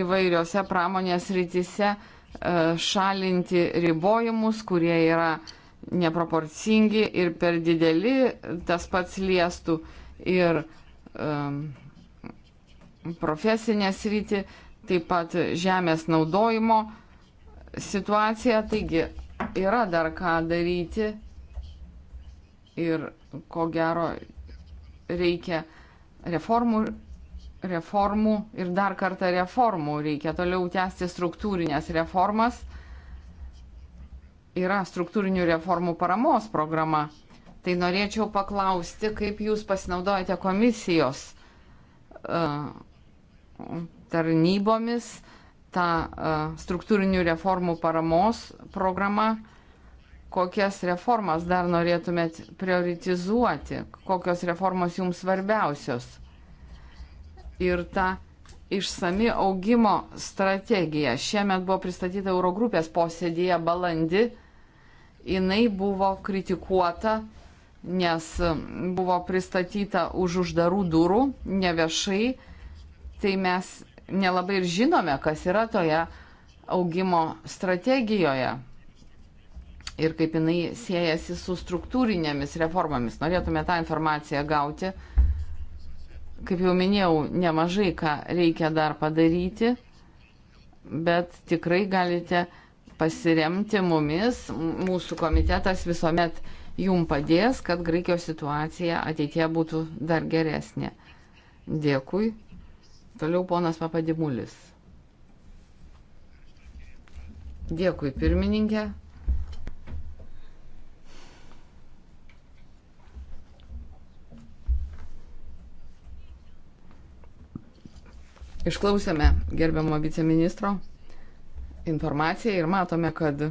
įvairiose pramonės rytise e, šalinti ribojimus, kurie yra neproporcingi ir per dideli, tas pats liestų ir um, e, profesinę sritį, taip pat žemės naudojimo situacija, taigi yra dar ką daryti ir ko gero reikia reformų, reformų ir dar kartą reformų, reikia toliau tęsti struktūrinės reformas. Yra struktūrinių reformų paramos programa. Tai norėčiau paklausti, kaip jūs pasinaudojate komisijos uh, tarnybomis, ta e, struktūrinių reformų paramos programa, kokias reformas dar norėtumėt prioritizuoti, kokios reformos jums svarbiausios. Ir ta išsami augimo strategija šiemet buvo pristatyta Eurogrupės posėdėje balandį. Jinai buvo kritikuota, nes buvo pristatyta už uždarų durų, neviešai. Tai mes nelabai ir žinome, kas yra toje augimo strategijoje ir kaip jinai siejasi su struktūrinėmis reformomis. Norėtume tą informaciją gauti. Kaip jau minėjau, nemažai ką reikia dar padaryti, bet tikrai galite pasiremti mumis. Mūsų komitetas visuomet jum padės, kad Graikijos situacija ateitie būtų dar geresnė. Dėkui. Toliau ponas Papadimulis. Dėkui, pirmininkė. Išklausėme gerbiamo viceministro informaciją ir matome, kad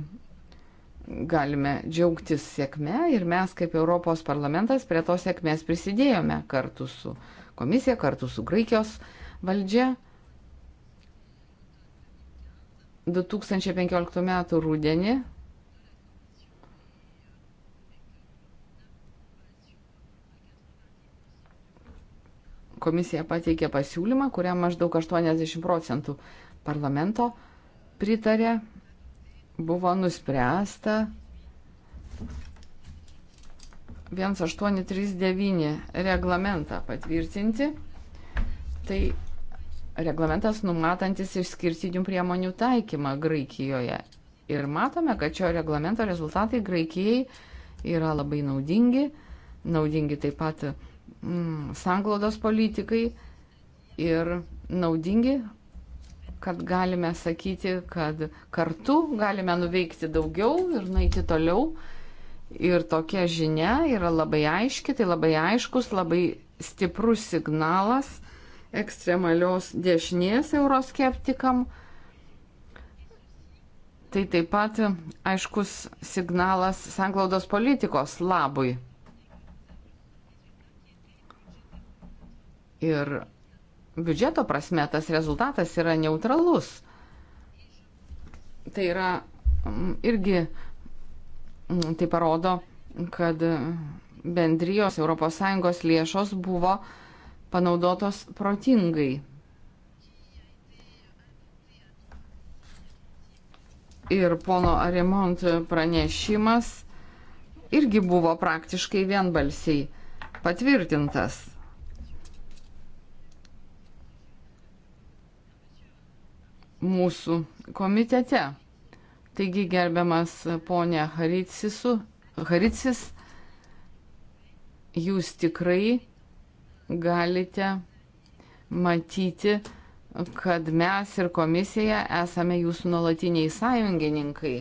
galime džiaugtis sėkme ir mes kaip Europos parlamentas prie tos sėkmės prisidėjome kartu su komisija, kartu su Graikijos parlamentu valdžia 2015 m. rūdienį komisija pateikė pasiūlymą, kuriam maždaug 80 procentų parlamento pritarė, buvo nuspręsta 1839 reglamentą patvirtinti. Tai reglamentas numatantis išskirtinių priemonių taikymą Graikijoje. Ir matome, kad šio reglamento rezultatai Graikijai yra labai naudingi, naudingi taip pat mm, sanglaudos politikai ir naudingi, kad galime sakyti, kad kartu galime nuveikti daugiau ir nueiti toliau. Ir tokia žinia yra labai aiški, tai labai aiškus, labai stiprus signalas ekstremalios dešinės euroskeptikam. Tai taip pat aiškus signalas sanglaudos politikos labui. Ir biudžeto prasme tas rezultatas yra neutralus. Tai yra mm, irgi mm, tai parodo, kad bendrijos ES lėšos buvo uh, panaudotos protingai. ir pono Arimont pranešimas irgi buvo praktiškai vienbalsiai patvirtintas. Mūsų komitete. Taigi, gerbiamas ponė Haritsisu, Haritsis, jūs tikrai galite matyti, kad mes ir komisija esame jūsų nuolatiniai sąjungininkai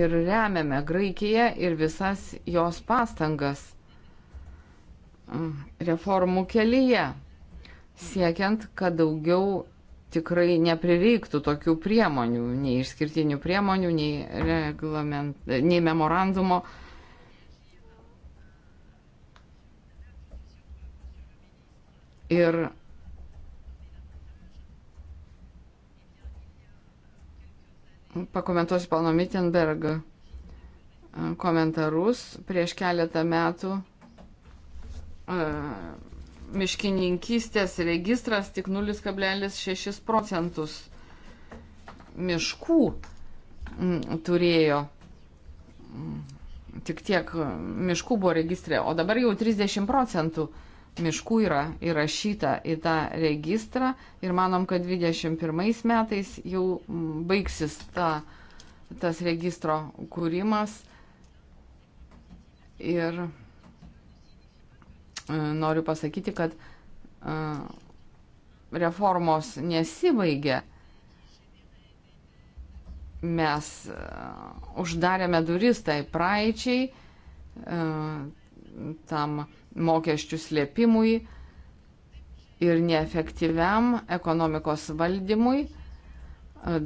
ir remiame Graikiją ir visas jos pastangas mm, reformų kelyje, siekiant, kad daugiau tikrai neprireiktų tokių priemonių, nei išskirtinių priemonių, nei, nei memorandumo Ir pakomentuosiu pano Mittenberg e, komentarus. Prieš keletą metų e, miškininkystės registras tik 0,6 procentus miškų turėjo. Tik tiek e, miškų buvo registrė, o dabar jau 30 procentų uh, miškų yra įrašyta į tą registrą ir manom, kad 21 metais jau baigsis ta, tas registro kūrimas. Ir e, noriu pasakyti, kad e, reformos nesibaigė. Mes e, uždarėme duris tai praeičiai, tam mokesčių slėpimui ir neefektyviam ekonomikos valdymui.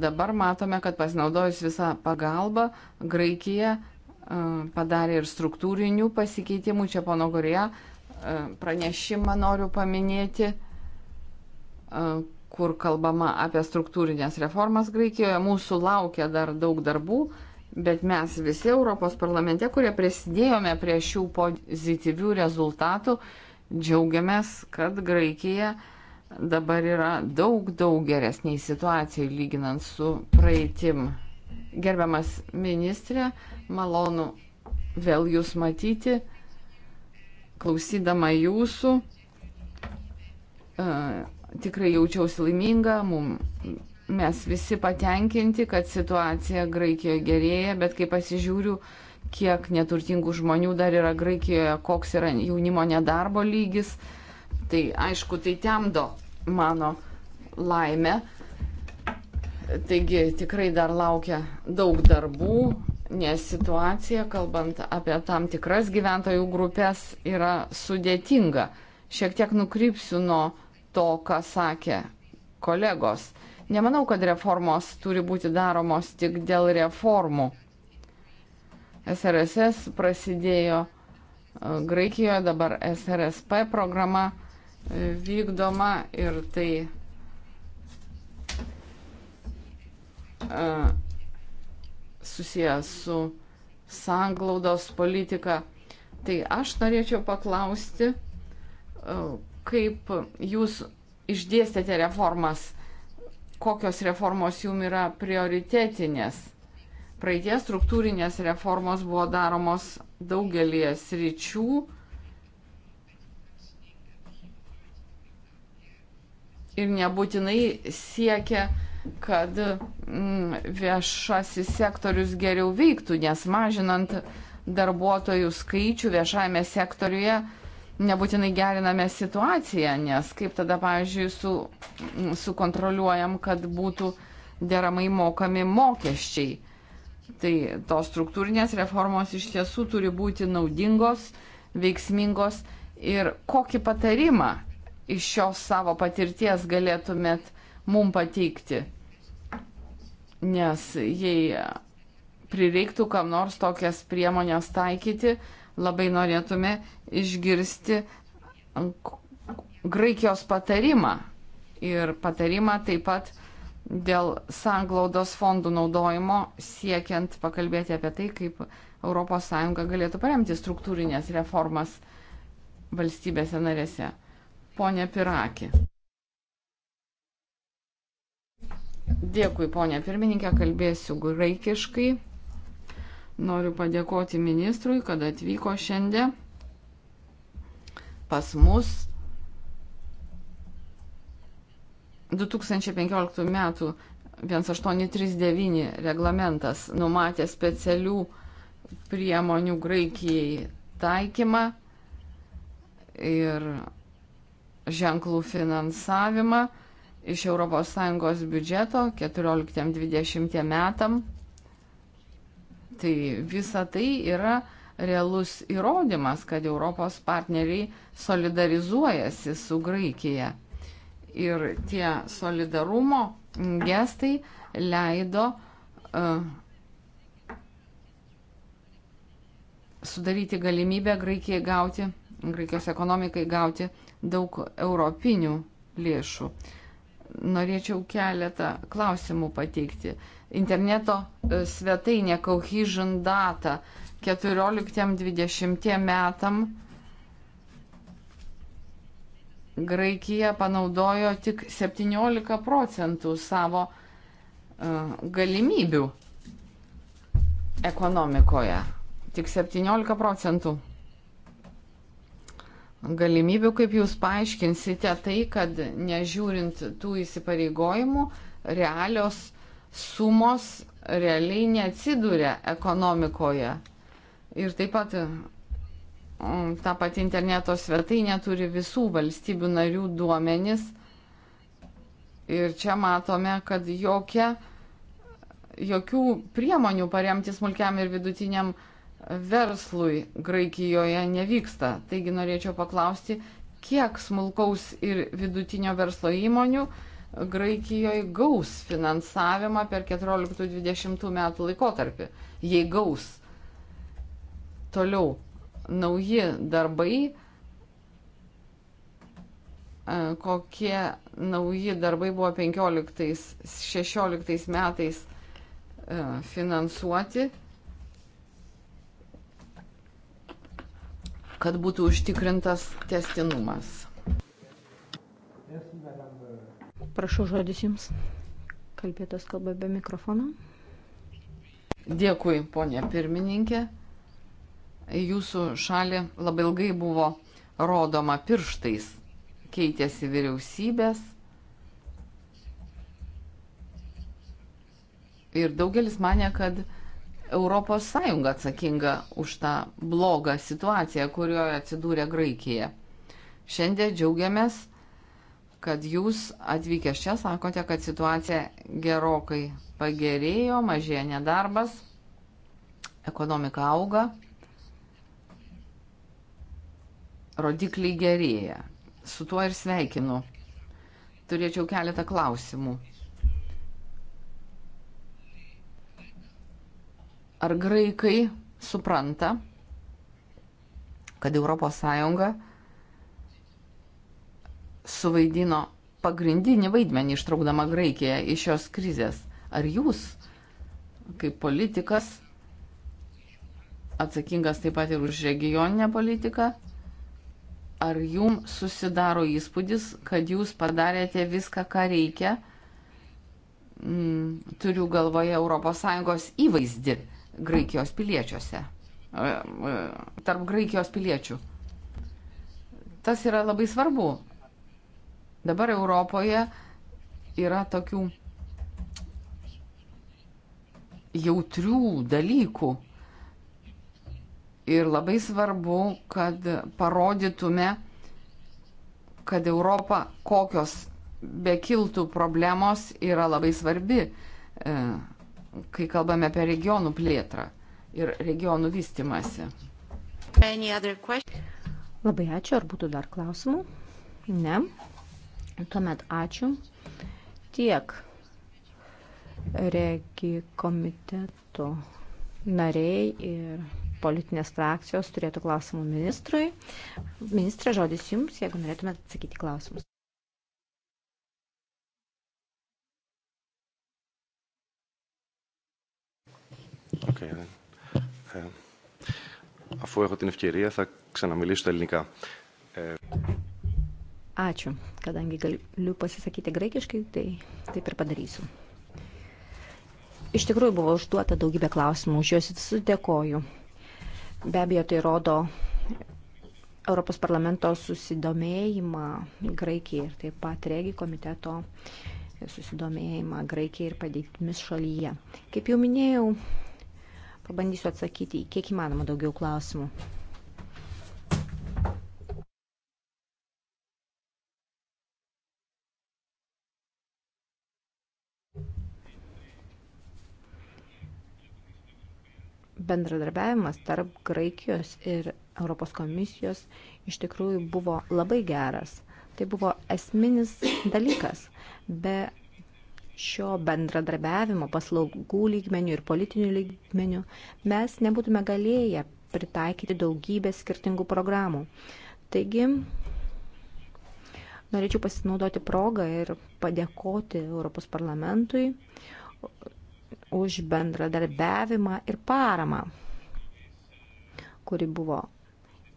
Dabar matome, kad pasinaudojus visą pagalbą, Graikija e, padarė ir struktūrinių pasikeitimų. Čia pono Gorija e, pranešimą noriu paminėti, e, kur kalbama apie struktūrinės reformas Graikijoje. Mūsų laukia dar daug darbų Bet mes visi Europos parlamente, kurie prisidėjome prie šių pozityvių rezultatų, džiaugiamės, kad Graikija dabar yra daug, daug geresniai situacijai lyginant su praeitim. Gerbiamas ministrė, malonu vėl jūs matyti, klausydama jūsų. E, tikrai jaučiausi laiminga, mums mes visi patenkinti, kad situacija Graikijoje gerėja, bet kai pasižiūriu, kiek neturtingų žmonių dar yra Graikijoje, koks yra jaunimo nedarbo lygis, tai aišku, tai temdo mano laimę. Taigi tikrai dar laukia daug darbų, nes situacija, kalbant apie tam tikras gyventojų grupės, yra sudėtinga. Šiek tiek nukrypsiu nuo to, ką sakė kolegos. Nemanau, kad reformos turi būti daromos tik dėl reformų. SRSS prasidėjo e, Graikijoje, dabar SRSP programa e, vykdoma ir tai e, susijęs su sanglaudos politika. Tai aš norėčiau paklausti, kaip jūs išdėstėte reformas kokios reformos jum yra prioritetinės. Praeitie struktūrinės reformos buvo daromos daugelį sričių. Ir nebūtinai siekia, kad mm, viešasis sektorius geriau veiktų, nes mažinant darbuotojų skaičių viešajame sektoriuje, nebūtinai geriname situaciją, nes kaip tada, pavyzdžiui, su, sukontroliuojam, kad būtų deramai mokami mokesčiai. Tai tos struktūrinės reformos iš tiesų turi būti naudingos, veiksmingos ir kokį patarimą iš šios savo patirties galėtumėt mum pateikti. Nes jei prireiktų kam nors tokias priemonės taikyti, labai norėtume išgirsti Graikijos patarimą ir patarimą taip pat dėl sanglaudos fondų naudojimo, siekiant pakalbėti apie tai, kaip ES galėtų paremti struktūrinės reformas valstybėse narėse. Pone Piraki. Dėkui, ponė pirmininkė, kalbėsiu graikiškai. Noriu padėkoti ministrui, kad atvyko šiandien pas mus. 2015 m. 1839 reglamentas numatė specialių priemonių Graikijai taikymą ir ženklų finansavimą iš ES biudžeto 14-20 metam. Tai visa tai yra realus įrodymas, kad Europos partneriai solidarizuojasi su Graikija. Ir tie solidarumo gestai leido uh, sudaryti galimybę Graikijai gauti, Graikijos ekonomikai gauti daug europinių lėšų. Norėčiau keletą klausimų pateikti. Uh, interneto e, svetainė Kauhyžin data 14-20 metam Graikija panaudojo tik 17 procentų savo e, galimybių ekonomikoje. Tik 17 procentų galimybių, kaip jūs paaiškinsite tai, kad nežiūrint tų įsipareigojimų, realios sumos realiai neatsiduria ekonomikoje. Ir taip pat mm, ta pati interneto svetainė turi visų valstybių narių duomenis. Ir čia matome, kad jokia, jokių priemonių paremti smulkiam ir vidutiniam verslui Graikijoje nevyksta. Taigi norėčiau paklausti, kiek smulkaus ir vidutinio verslo įmonių uh, Graikijoje gaus finansavimą per 14-20 metų laikotarpį. Jei gaus. Toliau, nauji darbai. E, kokie nauji darbai buvo 15-16 metais e, finansuoti, kad būtų užtikrintas testinumas. Prašau žodis jums. Kalbėtas kalba be mikrofono. Dėkui, ponė pirmininkė. Jūsų šalį labai ilgai buvo rodoma pirštais. Keitėsi vyriausybės. Ir daugelis mane, kad ES atsakinga už tą blogą situaciją, kurioje atsidūrė Graikija. Šiandien džiaugiamės kad jūs atvykęs čia sakote, kad situacija gerokai pagerėjo, mažėja nedarbas, ekonomika auga, rodikliai gerėja. Su tuo ir sveikinu. Turėčiau keletą klausimų. Ar graikai supranta, kad ES suvaidino pagrindinį vaidmenį ištraukdama Graikiją iš šios krizės. Ar jūs, kaip politikas, atsakingas taip pat ir už regioninę politiką, ar jums susidaro įspūdis, kad jūs padarėte viską, ką reikia, mm, turiu galvoje ES įvaizdį Graikijos piliečiuose, e, e, tarp Graikijos piliečių. Tas yra labai svarbu, Dabar Europoje yra tokių jautrių dalykų. Ir labai svarbu, kad parodytume, kad Europa, kokios bekiltų problemos, yra labai svarbi, e, kai kalbame apie regionų plėtrą ir regionų vystimasi. Labai ačiū, ar būtų dar klausimų? Ne. Tuomet ačiū. Tiek regi komiteto nariai ir politinės frakcijos turėtų klausimų ministrui. Ministrė, žodis jums, jeigu norėtumėte atsakyti klausimus. Okay. Eh, αφού έχω την ευκαιρία θα ξαναμιλήσω τα ελληνικά. Ačiū, kadangi galiu pasisakyti graikiškai, tai taip ir padarysiu. Iš tikrųjų buvo užduota daugybė klausimų, už juos visus dėkoju. Be abejo, tai rodo Europos parlamento susidomėjimą Graikijai ir taip pat regi komiteto susidomėjimą Graikijai ir padėtimis šalyje. Kaip jau minėjau, pabandysiu atsakyti į kiek įmanoma daugiau klausimų. bendradarbiavimas tarp Graikijos ir Europos komisijos iš tikrųjų buvo labai geras. Tai buvo esminis dalykas. Be šio bendradarbiavimo paslaugų lygmenių ir politinių lygmenių mes nebūtume galėję pritaikyti daugybę skirtingų programų. Taigi, norėčiau pasinaudoti progą ir padėkoti Europos parlamentui už bendradarbiavimą ir paramą, kuri buvo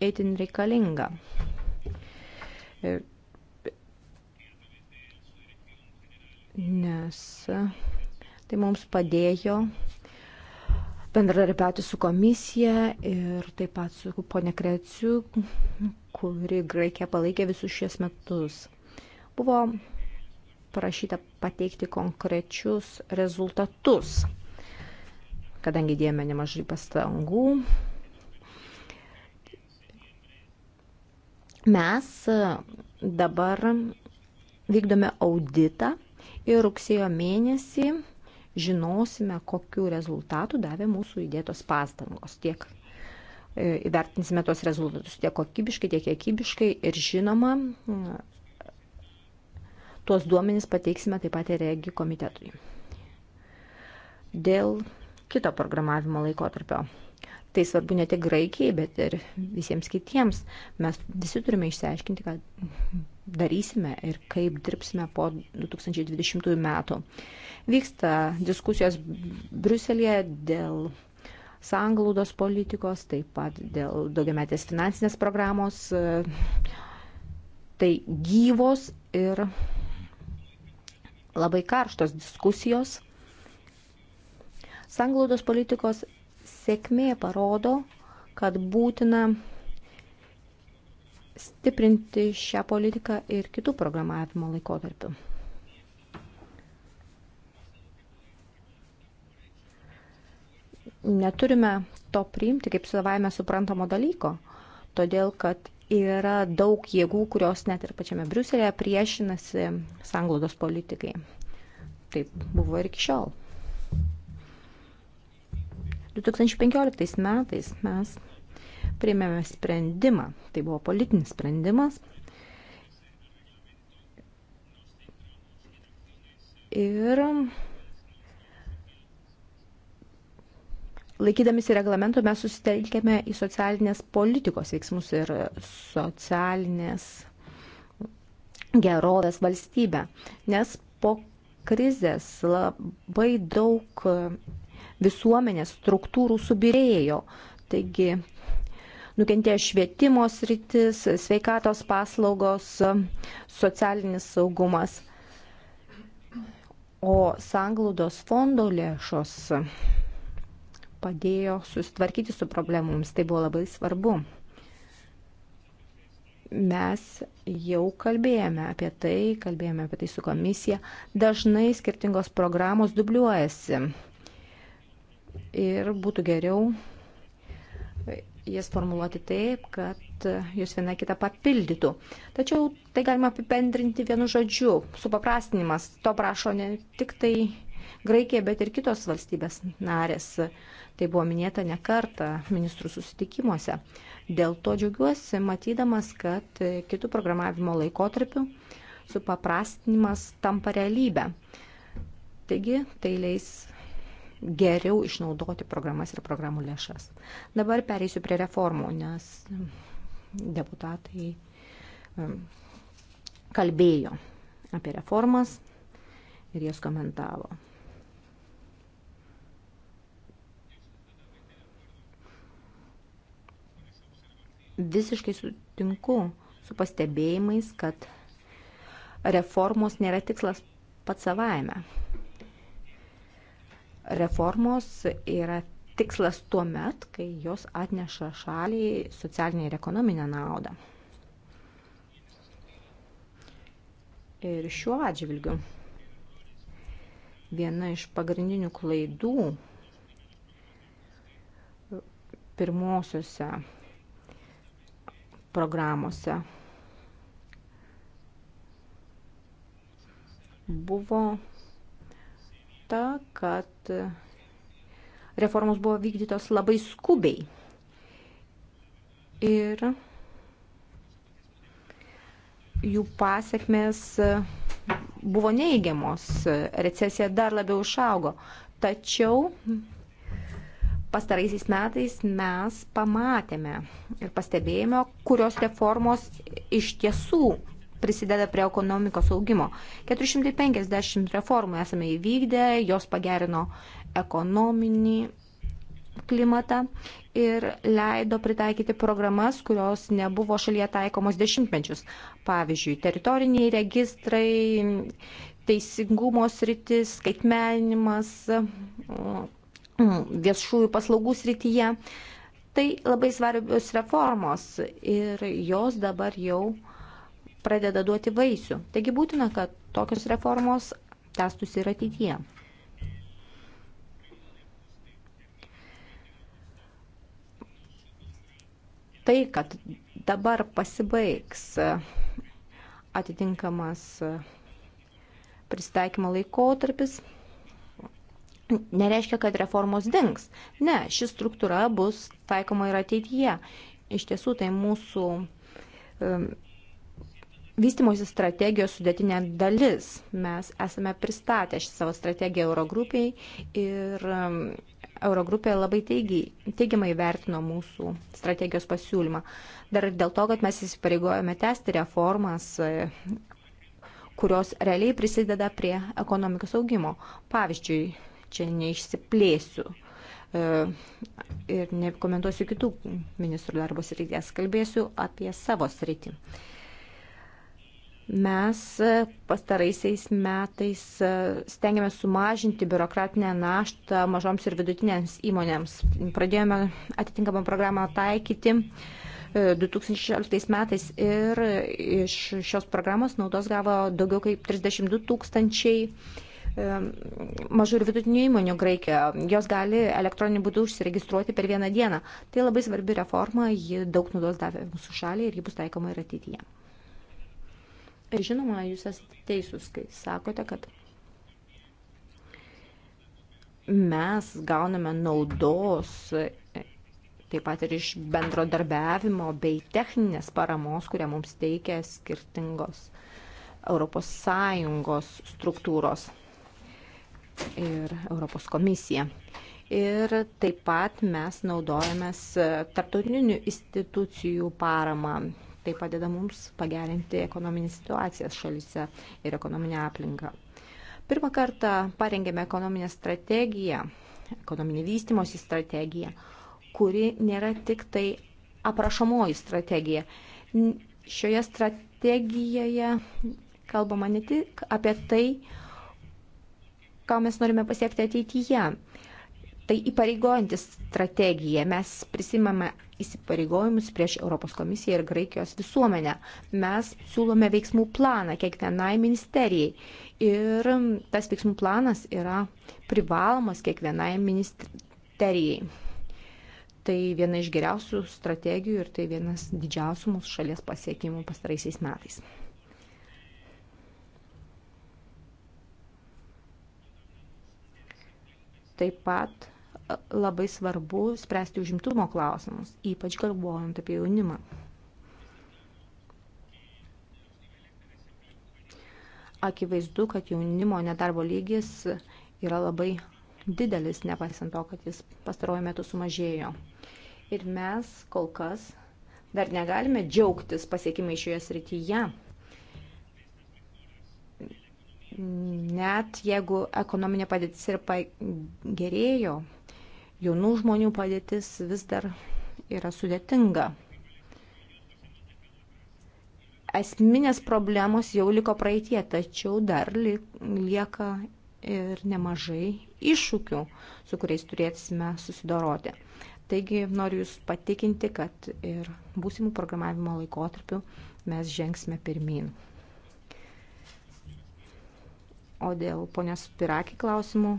itin reikalinga. Nes tai mums padėjo bendradarbiauti su komisija ir taip pat su ponė Kreciu, kuri Graikiją palaikė visus šies metus. Buvo prašyta pateikti konkrečius rezultatus, kadangi dėjome nemažai pastangų. Mes e, dabar vykdome auditą ir rugsėjo mėnesį žinosime, kokiu rezultatu davė mūsų įdėtos pastangos. Tiek e, įvertinsime tos rezultatus tiek kokybiškai, tiek kiekybiškai ir žinoma, Tuos duomenys pateiksime taip pat ir regi komitetui. Dėl kito programavimo laikotarpio. Tai svarbu ne tik Graikijai, bet ir visiems kitiems. Mes visi turime išsiaiškinti, ką darysime ir kaip dirbsime po 2020 metų. Vyksta diskusijos Bruselėje dėl sanglaudos politikos, taip pat dėl daugiametės finansinės programos. E, tai gyvos ir labai karštos diskusijos. Sanglaudos politikos sėkmė parodo, kad būtina stiprinti šią politiką ir kitų programavimo laikotarpių. Neturime to priimti kaip savaime suprantamo dalyko, todėl kad yra daug jėgų, kurios net ir pačiame Briuselėje priešinasi sanglaudos politikai. Taip buvo ir iki šiol. 2015 metais mes priėmėme sprendimą, tai buvo politinis sprendimas. Ir Laikydamisi reglamento mes susitelkėme į socialinės politikos veiksmus ir socialinės gerovės valstybę, nes po krizės labai daug visuomenės struktūrų subirėjo. Taigi nukentėjo švietimo sritis, sveikatos paslaugos, socialinis saugumas. O sanglaudos fondo lėšos padėjo susitvarkyti su problemomis. Tai buvo labai svarbu. Mes jau kalbėjome apie tai, kalbėjome apie tai su komisija. Dažnai skirtingos programos dubliuojasi. Ir būtų geriau jas formuluoti taip, kad jūs viena kitą papildytų. Tačiau tai galima apibendrinti vienu žodžiu. Supaprastinimas to prašo ne tik tai Graikija, bet ir kitos valstybės narės. Tai buvo minėta ne kartą ministrų susitikimuose. Dėl to džiaugiuosi, matydamas, kad kitų programavimo laikotarpių supaprastinimas tampa realybę. Taigi tai leis geriau išnaudoti programas ir programų lėšas. Dabar pereisiu prie reformų, nes deputatai kalbėjo apie reformas ir jas komentavo. visiškai sutinku su pastebėjimais, kad reformos nėra tikslas pats savaime. Reformos yra tikslas tuo met, kai jos atneša šaliai socialinę ir ekonominę naudą. Ir šiuo atžvilgiu viena iš pagrindinių klaidų pirmosiuose programuose. Buvo ta, kad reformos buvo vykdytos labai skubiai. Ir jų pasiekmes buvo neigiamos, recesija dar labiau išaugo. Tačiau Pastaraisiais metais mes pamatėme ir pastebėjome, kurios reformos iš tiesų prisideda prie ekonomikos augimo. 450 reformų esame įvykdę, jos pagerino ekonominį klimatą ir leido pritaikyti programas, kurios nebuvo šalyje taikomos dešimtmečius. Pavyzdžiui, teritoriniai registrai, teisingumo sritis, skaitmeninimas, viešųjų paslaugų srityje. Tai labai svarbios reformos ir jos dabar jau pradeda duoti vaisių. Taigi būtina, kad tokios reformos tęstųsi ir ateityje. Tai, kad dabar pasibaigs atitinkamas pristaikymo laikotarpis, nereiškia, kad reformos dings. Ne, ši struktūra bus taikoma ir ateityje. Iš tiesų, tai mūsų um, vystimosi strategijos sudėtinė dalis. Mes esame pristatę šį savo strategiją Eurogrupiai ir um, Eurogrupė labai teigiai, teigiamai vertino mūsų strategijos pasiūlymą. Dar dėl to, kad mes įsipareigojame tęsti reformas, e, kurios realiai prisideda prie ekonomikos augimo. Pavyzdžiui, čia neišsiplėsiu e, ir nekomentuosiu kitų ministrų darbo srities, kalbėsiu apie savo sritį. Mes pastaraisiais metais stengiame sumažinti biurokratinę naštą mažoms ir vidutinėms įmonėms. Pradėjome atitinkamą programą taikyti 2016 e, metais ir iš šios programos naudos gavo daugiau kaip 32 tūkstančiai 000 mažų ir vidutinių įmonių Graikijoje. Jos gali elektroniniu būdu užsiregistruoti per vieną dieną. Tai labai svarbi reforma, ji daug naudos davė mūsų šaliai ir ji bus taikoma ir ateityje. Žinoma, jūs esate teisūs, kai sakote, kad mes gauname naudos taip pat ir iš bendradarbiavimo bei techninės paramos, kurią mums teikia skirtingos ES struktūros ir Europos komisija. Ir taip pat mes naudojamės tarptautinių institucijų paramą. Tai padeda mums pagerinti ekonominį situaciją šalyse ir ekonominę aplinką. Pirmą kartą parengėme ekonominę strategiją, ekonominį vystimosi strategiją, kuri nėra tik tai aprašomoji strategija. Šioje strategijoje kalbama ne tik apie tai, ką mes norime pasiekti ateityje. Tai įpareigojantis strategija. Mes prisimame įsipareigojimus prieš Europos komisiją ir Graikijos visuomenę. Mes siūlome veiksmų planą kiekvienai ministerijai. Ir tas veiksmų planas yra privalomas kiekvienai ministerijai. Tai viena iš geriausių strategijų ir tai vienas didžiausių mūsų šalies pasiekimų pastaraisiais metais. Taip pat e, labai svarbu spręsti užimtumo klausimus, ypač galvojant apie jaunimą. Akivaizdu, kad jaunimo nedarbo lygis yra labai didelis, nepaisant to, kad jis pastaruoju metu sumažėjo. Ir mes kol kas dar negalime džiaugtis pasiekimai šioje srityje net jeigu ekonominė padėtis ir pagerėjo, jaunų žmonių padėtis vis dar yra sudėtinga. Esminės problemos jau liko praeitie, tačiau dar lieka ir nemažai iššūkių, su kuriais turėsime susidoroti. Taigi noriu Jūs patikinti, kad ir būsimų programavimo laikotarpių mes žengsime pirmin. O dėl ponios Pirakį klausimų,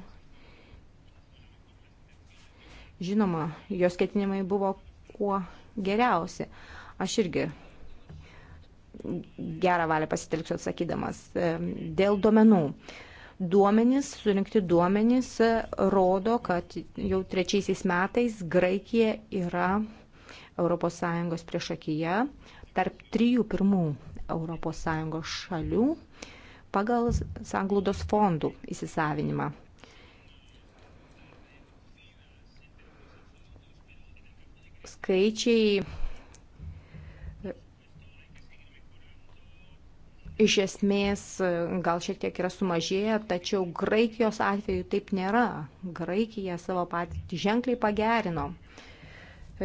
žinoma, jos ketinimai buvo kuo geriausi. Aš irgi gerą valią pasitelksiu atsakydamas. Dėl duomenų. Duomenys, surinkti duomenys e, rodo, kad jau trečiaisiais metais Graikija yra ES priešakyje tarp trijų pirmų ES šalių pagal sanglaudos fondų įsisavinimą. Skaičiai iš esmės gal šiek tiek yra sumažėję, tačiau Graikijos atveju taip nėra. Graikija savo patirtį ženkliai pagerino.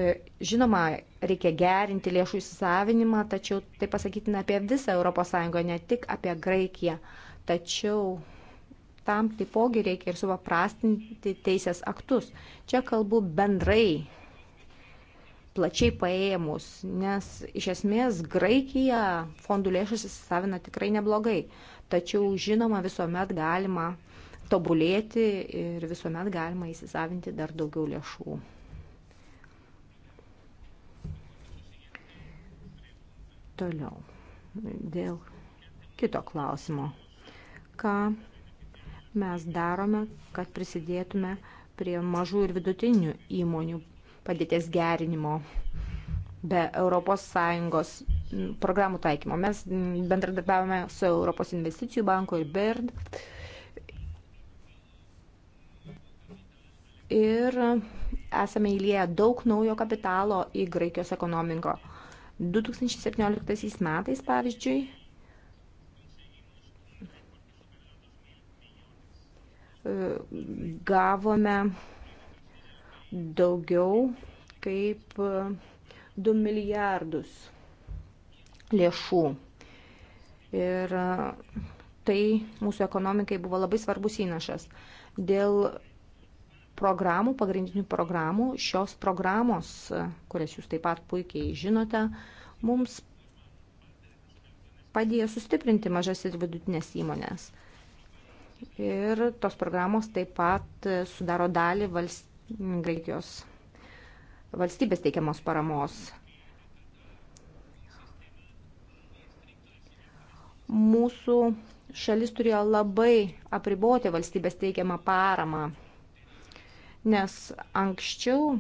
E, žinoma, reikia gerinti lėšų įsisavinimą, tačiau tai pasakytina apie visą ES, ne tik apie Graikiją. Tačiau tam taipogi reikia ir supaprastinti teisės aktus. Čia kalbu bendrai, plačiai paėmus, nes iš esmės Graikija fondų lėšas įsisavina tikrai neblogai. Tačiau, žinoma, visuomet galima tobulėti ir visuomet galima įsisavinti dar daugiau lėšų. Toliau. Dėl kito klausimo. Ką mes darome, kad prisidėtume prie mažų ir vidutinių įmonių padėties gerinimo be ES programų taikymo. Mes bendradarbiavome su Europos investicijų banku ir BERD. Ir esame įlėję daug naujo kapitalo į Graikijos ekonomiką 2017 metais, pavyzdžiui, gavome daugiau kaip 2 milijardus lėšų. Ir tai mūsų ekonomikai buvo labai svarbus įnašas. Dėl programų, pagrindinių programų. Šios programos, kurias jūs taip pat puikiai žinote, mums padėjo sustiprinti mažas ir vidutinės įmonės. Ir tos programos taip pat sudaro dalį valst... Graikijos valstybės teikiamos paramos. Mūsų šalis turėjo labai apriboti valstybės teikiamą paramą nes anksčiau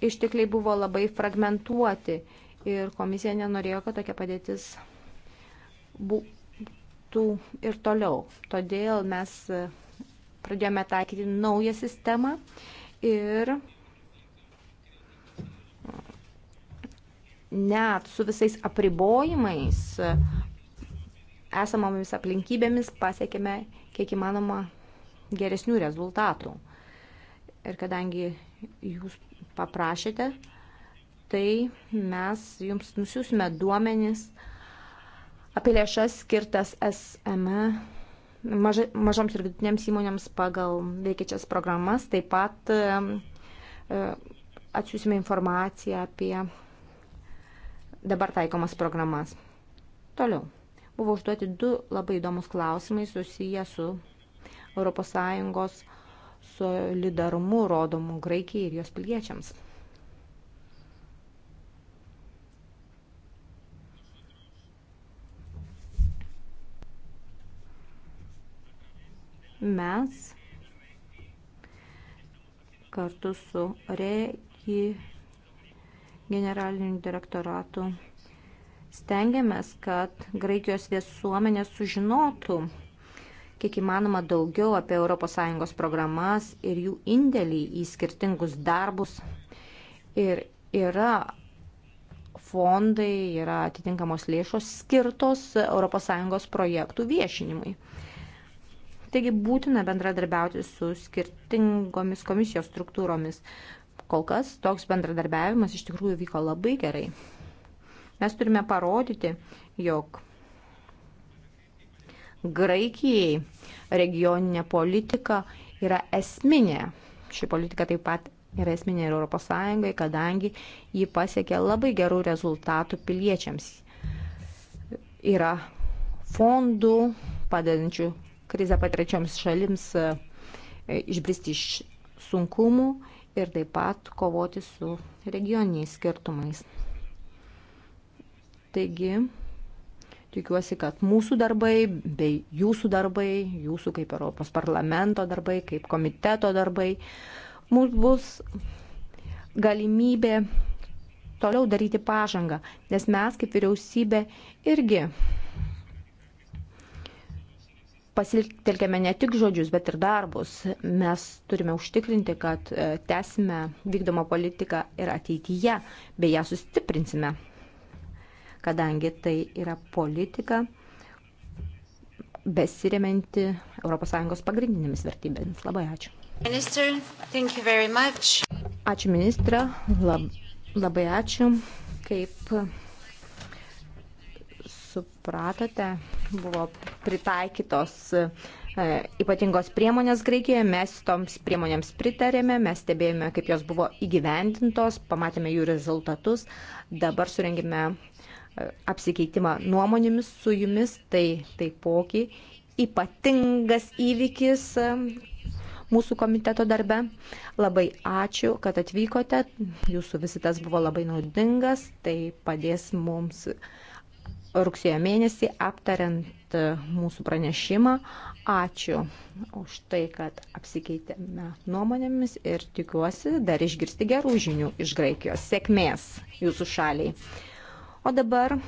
ištekliai buvo labai fragmentuoti ir komisija nenorėjo, kad tokia padėtis būtų ir toliau. Todėl mes pradėjome taikyti naują sistemą ir net su visais apribojimais esamomis aplinkybėmis pasiekėme kiek įmanoma geresnių rezultatų. Ir kadangi jūs paprašėte, tai mes jums nusiusime duomenis apie lėšas skirtas SME maža, mažoms ir vidutinėms įmonėms pagal veikiačias programas. Taip pat e, atsiūsime informaciją apie dabar taikomas programas. Toliau. Buvo užduoti du labai įdomus klausimai susiję su ES solidarumu rodomu Graikijai ir jos piliečiams. Mes kartu su REGI generaliniu direktoratu stengiamės, kad Graikijos visuomenė sužinotų, kiek įmanoma daugiau apie ES programas ir jų indėlį į skirtingus darbus. Ir yra fondai, yra atitinkamos lėšos skirtos ES projektų viešinimui. Taigi būtina bendradarbiauti su skirtingomis komisijos struktūromis. Kol kas toks bendradarbiavimas iš tikrųjų vyko labai gerai. Mes turime parodyti, jog Graikijai regioninė politika yra esminė. Ši politika taip pat yra esminė ir ES, kadangi ji pasiekė labai gerų rezultatų piliečiams. Yra fondų padedančių krizę patrečiams šalims e, išbristi iš sunkumų ir taip pat kovoti su regioniniais skirtumais. Taigi, Tikiuosi, kad mūsų darbai bei jūsų darbai, jūsų kaip Europos parlamento darbai, kaip komiteto darbai, mums bus galimybė toliau daryti pažangą, nes mes kaip vyriausybė irgi pasitelkėme ne tik žodžius, bet ir darbus. Mes turime užtikrinti, kad e, tęsime vykdomą politiką ir ateityje, bei ją sustiprinsime kadangi tai yra politika besiremianti ES pagrindinėmis vertybėmis. Labai ačiū. Minister, ačiū ministra, lab, labai ačiū. Kaip supratote, buvo pritaikytos e, ypatingos priemonės Graikijoje, mes toms priemonėms pritarėme, mes stebėjome, kaip jos buvo įgyvendintos, pamatėme jų rezultatus, dabar surengime apsikeitimą nuomonėmis su jumis, tai taipogi ypatingas įvykis mūsų komiteto darbe. Labai ačiū, kad atvykote, jūsų visitas buvo labai naudingas, tai padės mums rugsėjo mėnesį aptariant e, mūsų pranešimą. Ačiū už tai, kad apsikeitėme nuomonėmis ir tikiuosi dar išgirsti gerų žinių iš Graikijos. Sėkmės jūsų šaliai. O dabar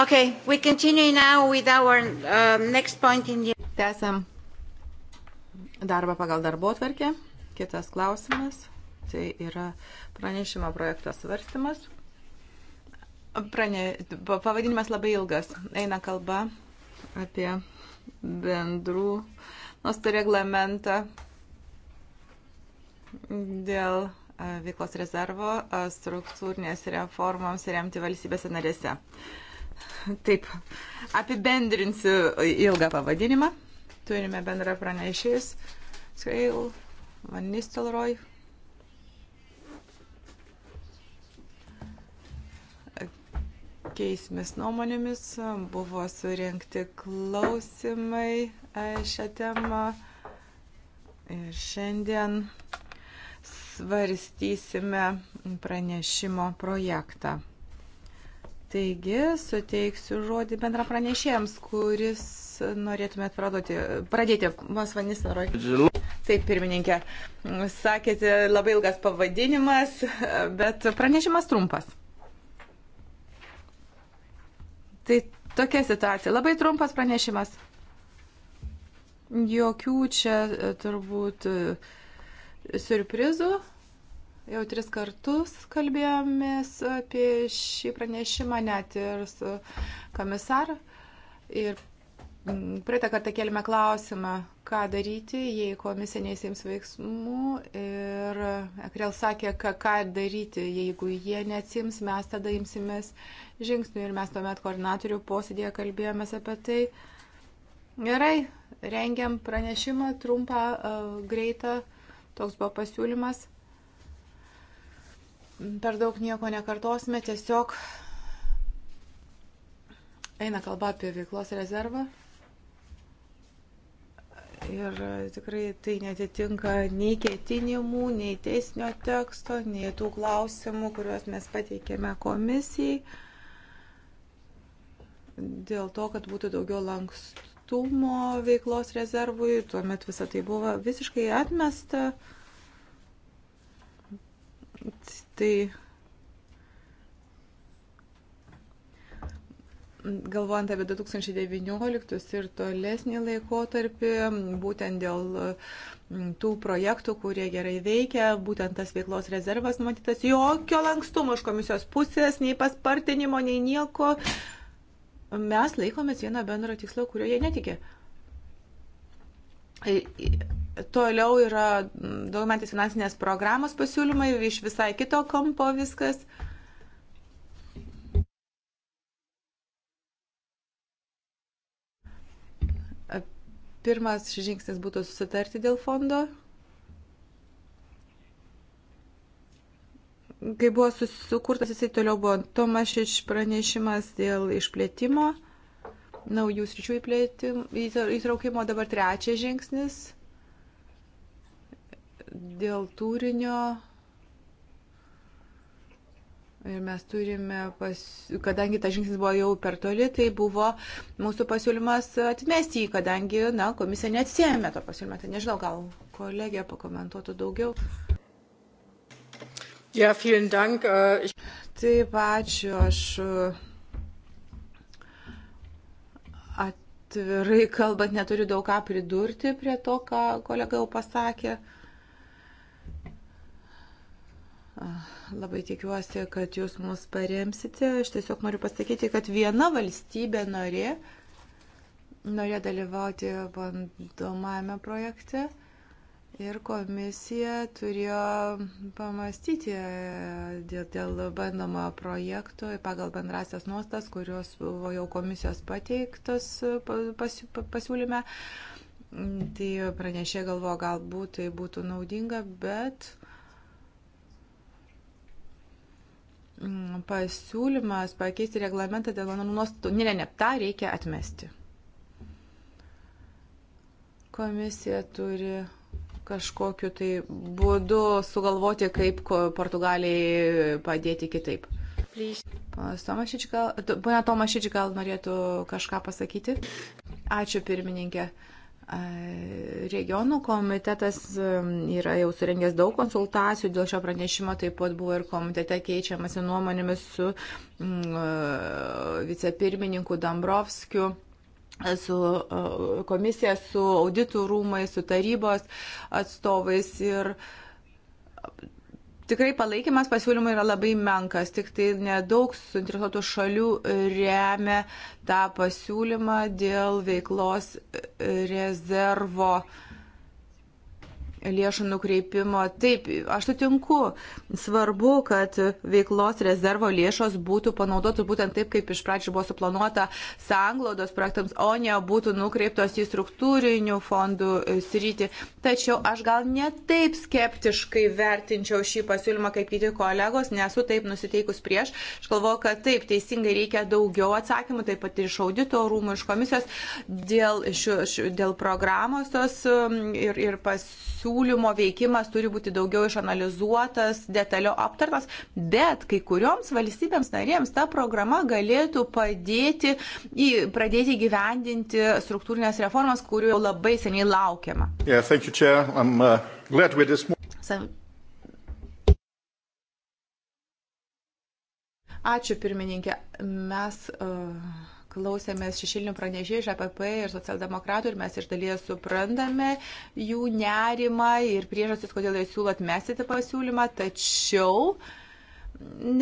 Okay, we continue now with our uh, next point in the... Tęsiam darbą pagal darbo atverkę. Kitas klausimas. Tai yra pranešimo projekto svarstymas. Prane, pavadinimas labai ilgas. Eina kalba apie bendrų nuostų reglamentą dėl e, veiklos rezervo e, struktūrinės reformoms remti valstybėse narėse. Taip, apibendrinsiu ilgą pavadinimą. Turime bendrą pranešėjus. Skrail, Van Nistelrooy. Keismės nuomonėmis buvo surinkti klausimai e, šią temą. Ir šiandien svarstysime pranešimo projektą. Taigi, suteiksiu žodį bendra pranešėjams, kuris norėtumėt pradoti, pradėti, Mas Vanisnaroj? Taip, pirmininkė, sakėte, labai ilgas pavadinimas, bet pranešimas trumpas. Tai tokia situacija, labai trumpas pranešimas. Jokių čia e, turbūt e, surprizų. Jau tris kartus kalbėjomės apie šį pranešimą net ir su komisaru. Ir Praeitą kartą kelime klausimą, ką daryti, jei komisija neįsims veiksmų ir Ekrel sakė, ką, ką daryti, jeigu jie neatsims, mes tada imsimės žingsnių ir mes tuomet koordinatorių posėdėje kalbėjomės apie tai. Gerai, rengiam pranešimą, trumpą, greitą, toks buvo pasiūlymas. Per daug nieko nekartosime, tiesiog eina kalba apie veiklos rezervą. Ir e, tikrai tai netitinka nei ketinimų, nei teisinio teksto, nei tų klausimų, kuriuos mes pateikėme komisijai. Dėl to, kad būtų daugiau lankstumo veiklos rezervui, tuomet visą tai buvo visiškai atmesta. Tai galvojant apie 2019 ir tolesnį laikotarpį, būtent dėl mm, tų projektų, kurie gerai veikia, būtent tas veiklos rezervas numatytas, jokio lankstumo iš komisijos pusės, nei paspartinimo, nei nieko. Mes laikomės vieną bendrą tikslą, kurio jie netikė. E, e, toliau yra mm, daugiametės finansinės programos pasiūlymai, iš visai kito kampo viskas. Uh, Pirmas žingsnis būtų susitarti dėl fondo. Kai buvo sukurtas jisai toliau buvo Tomašič pranešimas dėl išplėtimo, naujų sričių įtraukimo, dabar trečias žingsnis dėl turinio Ir mes turime, pas... kadangi ta žingsnis buvo jau per toli, tai buvo mūsų pasiūlymas atmesti jį, kadangi, na, komisija neatsėmė to pasiūlymą. Tai nežinau, gal kolegija pakomentuotų daugiau. Ja, vielen Dank. Äh, Taip, ačiū. Aš uh, atvirai kalbant neturiu daug ką pridurti prie to, ką kolega jau pasakė. Uh, Ah, labai tikiuosi, kad jūs mus paremsite. Aš tiesiog noriu pasakyti, kad viena valstybė norė, norė dalyvauti bandomajame projekte ir komisija turėjo pamastyti dėl, dėl bandomojo projekto pagal bendrasias nuostas, kurios buvo jau komisijos pateiktos pasi, pasiūlyme. Tai pranešė galvo, galbūt tai būtų naudinga, bet Mm, pasiūlymas pakeisti reglamentą dėl mano nuostatų. Ne, ne, ne, tą reikia atmesti. Komisija turi kažkokiu tai būdu sugalvoti, kaip Portugalijai padėti kitaip. Tomašič gal, pana Tomašič gal norėtų kažką pasakyti? Ačiū pirmininkė. Uh, Regionų komitetas um, yra jau surengęs daug konsultacijų dėl šio pranešimo, taip pat buvo ir komitete keičiamasi nuomonėmis su mm, vicepirmininku Dambrovskiu su komisija, su auditų rūmai, su tarybos atstovais ir Tikrai palaikymas pasiūlymų yra labai menkas, tik tai nedaug suinteresuotų šalių remia tą pasiūlymą dėl veiklos rezervo uh, lėšų nukreipimo. Taip, aš sutinku, svarbu, kad veiklos rezervo lėšos būtų panaudotos būtent taip, kaip iš pradžių buvo suplanuota sanglodos projektams, o ne būtų nukreiptos į struktūrinių fondų e, sritį. Tačiau aš gal netaip skeptiškai vertinčiau šį pasiūlymą kaip kiti kolegos, nesu taip nusiteikus prieš. Aš galvoju, kad taip, teisingai reikia daugiau atsakymų, taip pat ir iš audito rūmų, iš komisijos dėl, šių, šių, dėl programos tos ir, ir pasiūlymų pasiūlymo veikimas turi būti daugiau išanalizuotas, detaliau aptartas, bet kai kurioms valstybėms narėms ta programa galėtų padėti į, pradėti gyvendinti struktūrinės reformas, kurių jau labai seniai laukiama. Yeah, thank you, Chair. I'm uh, glad we're this morning. Ačiū pirmininkė. Mes. Uh klausėmės šešilinių pranešėjų iš APP ir socialdemokratų ir mes iš dalies suprantame jų nerimą ir priežastis, kodėl jie siūlo atmesti pasiūlymą, tačiau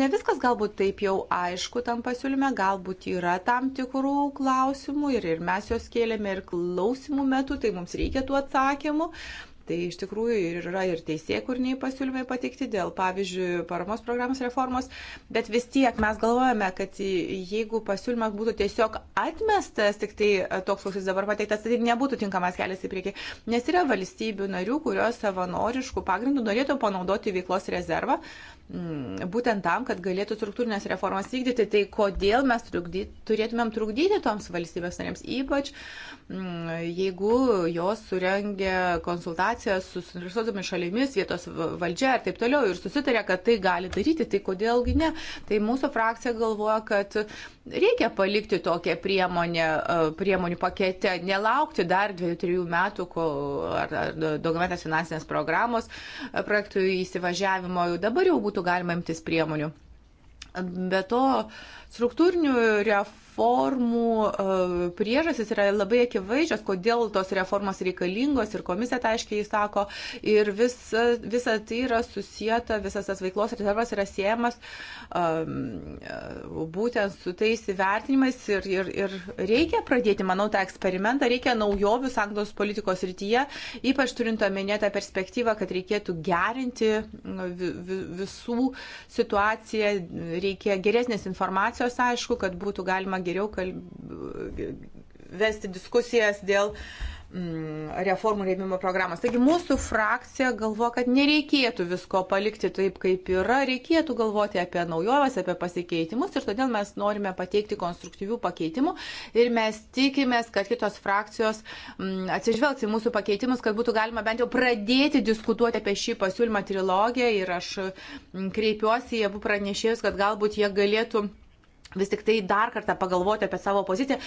ne viskas galbūt taip jau aišku tam pasiūlyme, galbūt yra tam tikrų klausimų ir, ir mes juos kėlėme ir klausimų metu, tai mums reikia tų atsakymų. Tai iš tikrųjų yra ir teisėkurniai pasiūlymai pateikti dėl, pavyzdžiui, paramos programos reformos, bet vis tiek mes galvojame, kad jeigu pasiūlymas būtų tiesiog atmestas, tik tai e, toks, koks jis dabar pateiktas, tai nebūtų tinkamas kelias į priekį, nes yra valstybių narių, kurios savanoriškų pagrindų norėtų panaudoti veiklos rezervą, mm, būtent tam, kad galėtų struktūrinės reformas vykdyti, tai kodėl mes trukdy, turėtumėm trukdyti toms valstybės narėms, ypač mm, jeigu jos surengia konsultaciją konsultacijas su suinteresuotomis šalimis, vietos valdžia ir taip toliau ir susitarė, kad tai gali daryti, tai kodėlgi ne. Tai mūsų frakcija galvoja, kad reikia palikti tokią priemonę, e, priemonių pakete, nelaukti dar dviejų, trijų metų, kol ar, ar dokumentas finansinės programos e, projektų įsivažiavimo, dabar jau būtų galima imtis priemonių. Be to, uh, Struktūrinių reformų e, priežasis yra labai akivaizdžios, kodėl tos reformos reikalingos ir komisija tai aiškiai įsako. Ir visa, visa tai yra susijęta, visas tas veiklos rezervas yra siejamas um, būtent su tais įvertinimais ir, ir, ir reikia pradėti, manau, tą eksperimentą, reikia naujovių sanglos politikos rytyje, ypač turint omenyje tą perspektyvą, kad reikėtų gerinti visų situaciją, reikia geresnės informacijos pozicijos, aišku, kad būtų galima geriau kalb... vesti diskusijas dėl mm, reformų rėmimo programos. Taigi mūsų frakcija galvo, kad nereikėtų visko palikti taip, kaip yra, reikėtų galvoti apie naujoves, apie pasikeitimus ir todėl mes norime pateikti konstruktyvių pakeitimų ir mes tikimės, kad kitos frakcijos m, mm, atsižvelgs į mūsų pakeitimus, kad būtų galima bent jau pradėti diskutuoti apie šį pasiūlymą trilogiją ir aš mm, kreipiuosi į abu pranešėjus, kad galbūt jie galėtų vis tik tai dar kartą pagalvoti apie savo poziciją.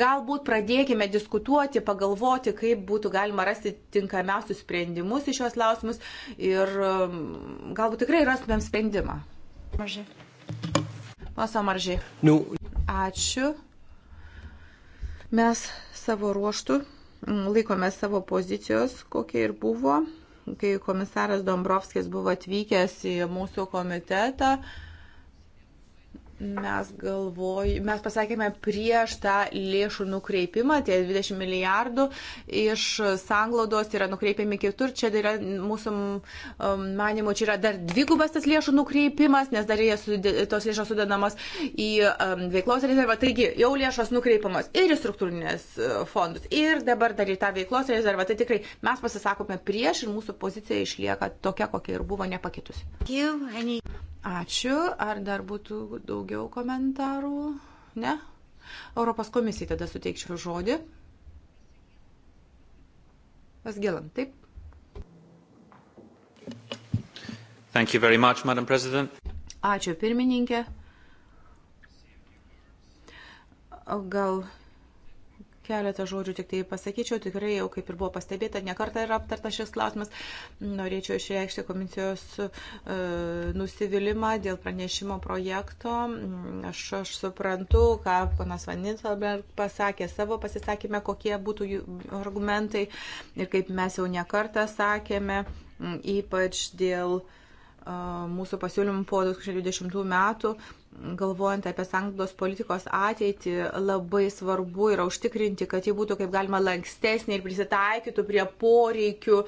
Galbūt pradėkime diskutuoti, pagalvoti, kaip būtų galima rasti tinkamiausius sprendimus į šios klausimus ir um, galbūt tikrai rastumėm sprendimą. Mažai. Masa maržiai. Nu. Ačiū. Mes savo ruoštų mm, laikome savo pozicijos, kokia ir buvo, kai komisaras Dombrovskis buvo atvykęs į mūsų komitetą. Uh, mes galvoj, mes pasakėme prieš tą lėšų nukreipimą, tie 20 milijardų iš sanglaudos yra nukreipiami kitur, čia yra mūsų um, manimo, čia yra dar dvigubas tas lėšų nukreipimas, nes dar jie tos lėšos sudedamas į um, veiklos rezervą, taigi jau lėšos nukreipiamas ir į struktūrinės e, fondus, ir dabar dar į tą veiklos rezervą, tai tikrai mes pasisakome prieš ir mūsų pozicija išlieka tokia, kokia ir buvo nepakitusi. Ačiū. Ar dar būtų daugiau komentarų? Ne? Europos komisijai tada suteikčiau žodį. Vasgilam, taip? Thank you very much, Madam President. Ačiū pirmininkė. Gal Keletą žodžių tik tai pasakyčiau, tikrai jau kaip ir buvo pastebėta, nekarta yra aptarta šis klausimas. Norėčiau išreikšti komisijos e, nusivylimą dėl pranešimo projekto. Aš, aš suprantu, ką panas Vaninsalberg pasakė savo pasisakymę, kokie būtų jų argumentai ir kaip mes jau nekartą sakėme, ypač dėl e, mūsų pasiūlymų po 2020 metų galvojant apie sanglos politikos ateitį, labai svarbu yra užtikrinti, kad ji būtų kaip galima lankstesnė ir prisitaikytų prie poreikių,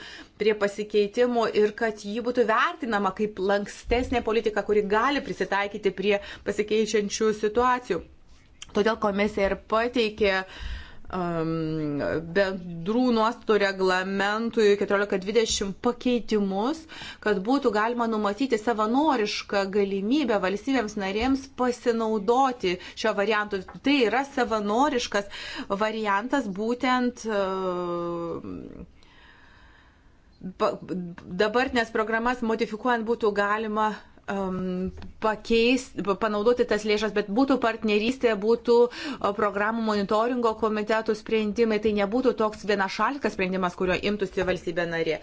prie pasikeitimų ir kad ji būtų vertinama kaip lankstesnė politika, kuri gali prisitaikyti prie pasikeičiančių situacijų. Todėl komisija ir pateikė uh, bendrų nuostatų reglamentui 1420 pakeitimus, kad būtų galima numatyti savanorišką galimybę valstybėms narėms pasinaudoti šio variantu. Tai yra savanoriškas variantas būtent dabartinės programas modifikuojant būtų galima um, pakeis, panaudoti tas lėšas, bet būtų partnerystė, būtų uh, programų monitoringo komitetų sprendimai, tai nebūtų toks vienašalikas sprendimas, kurio imtųsi valstybė narė.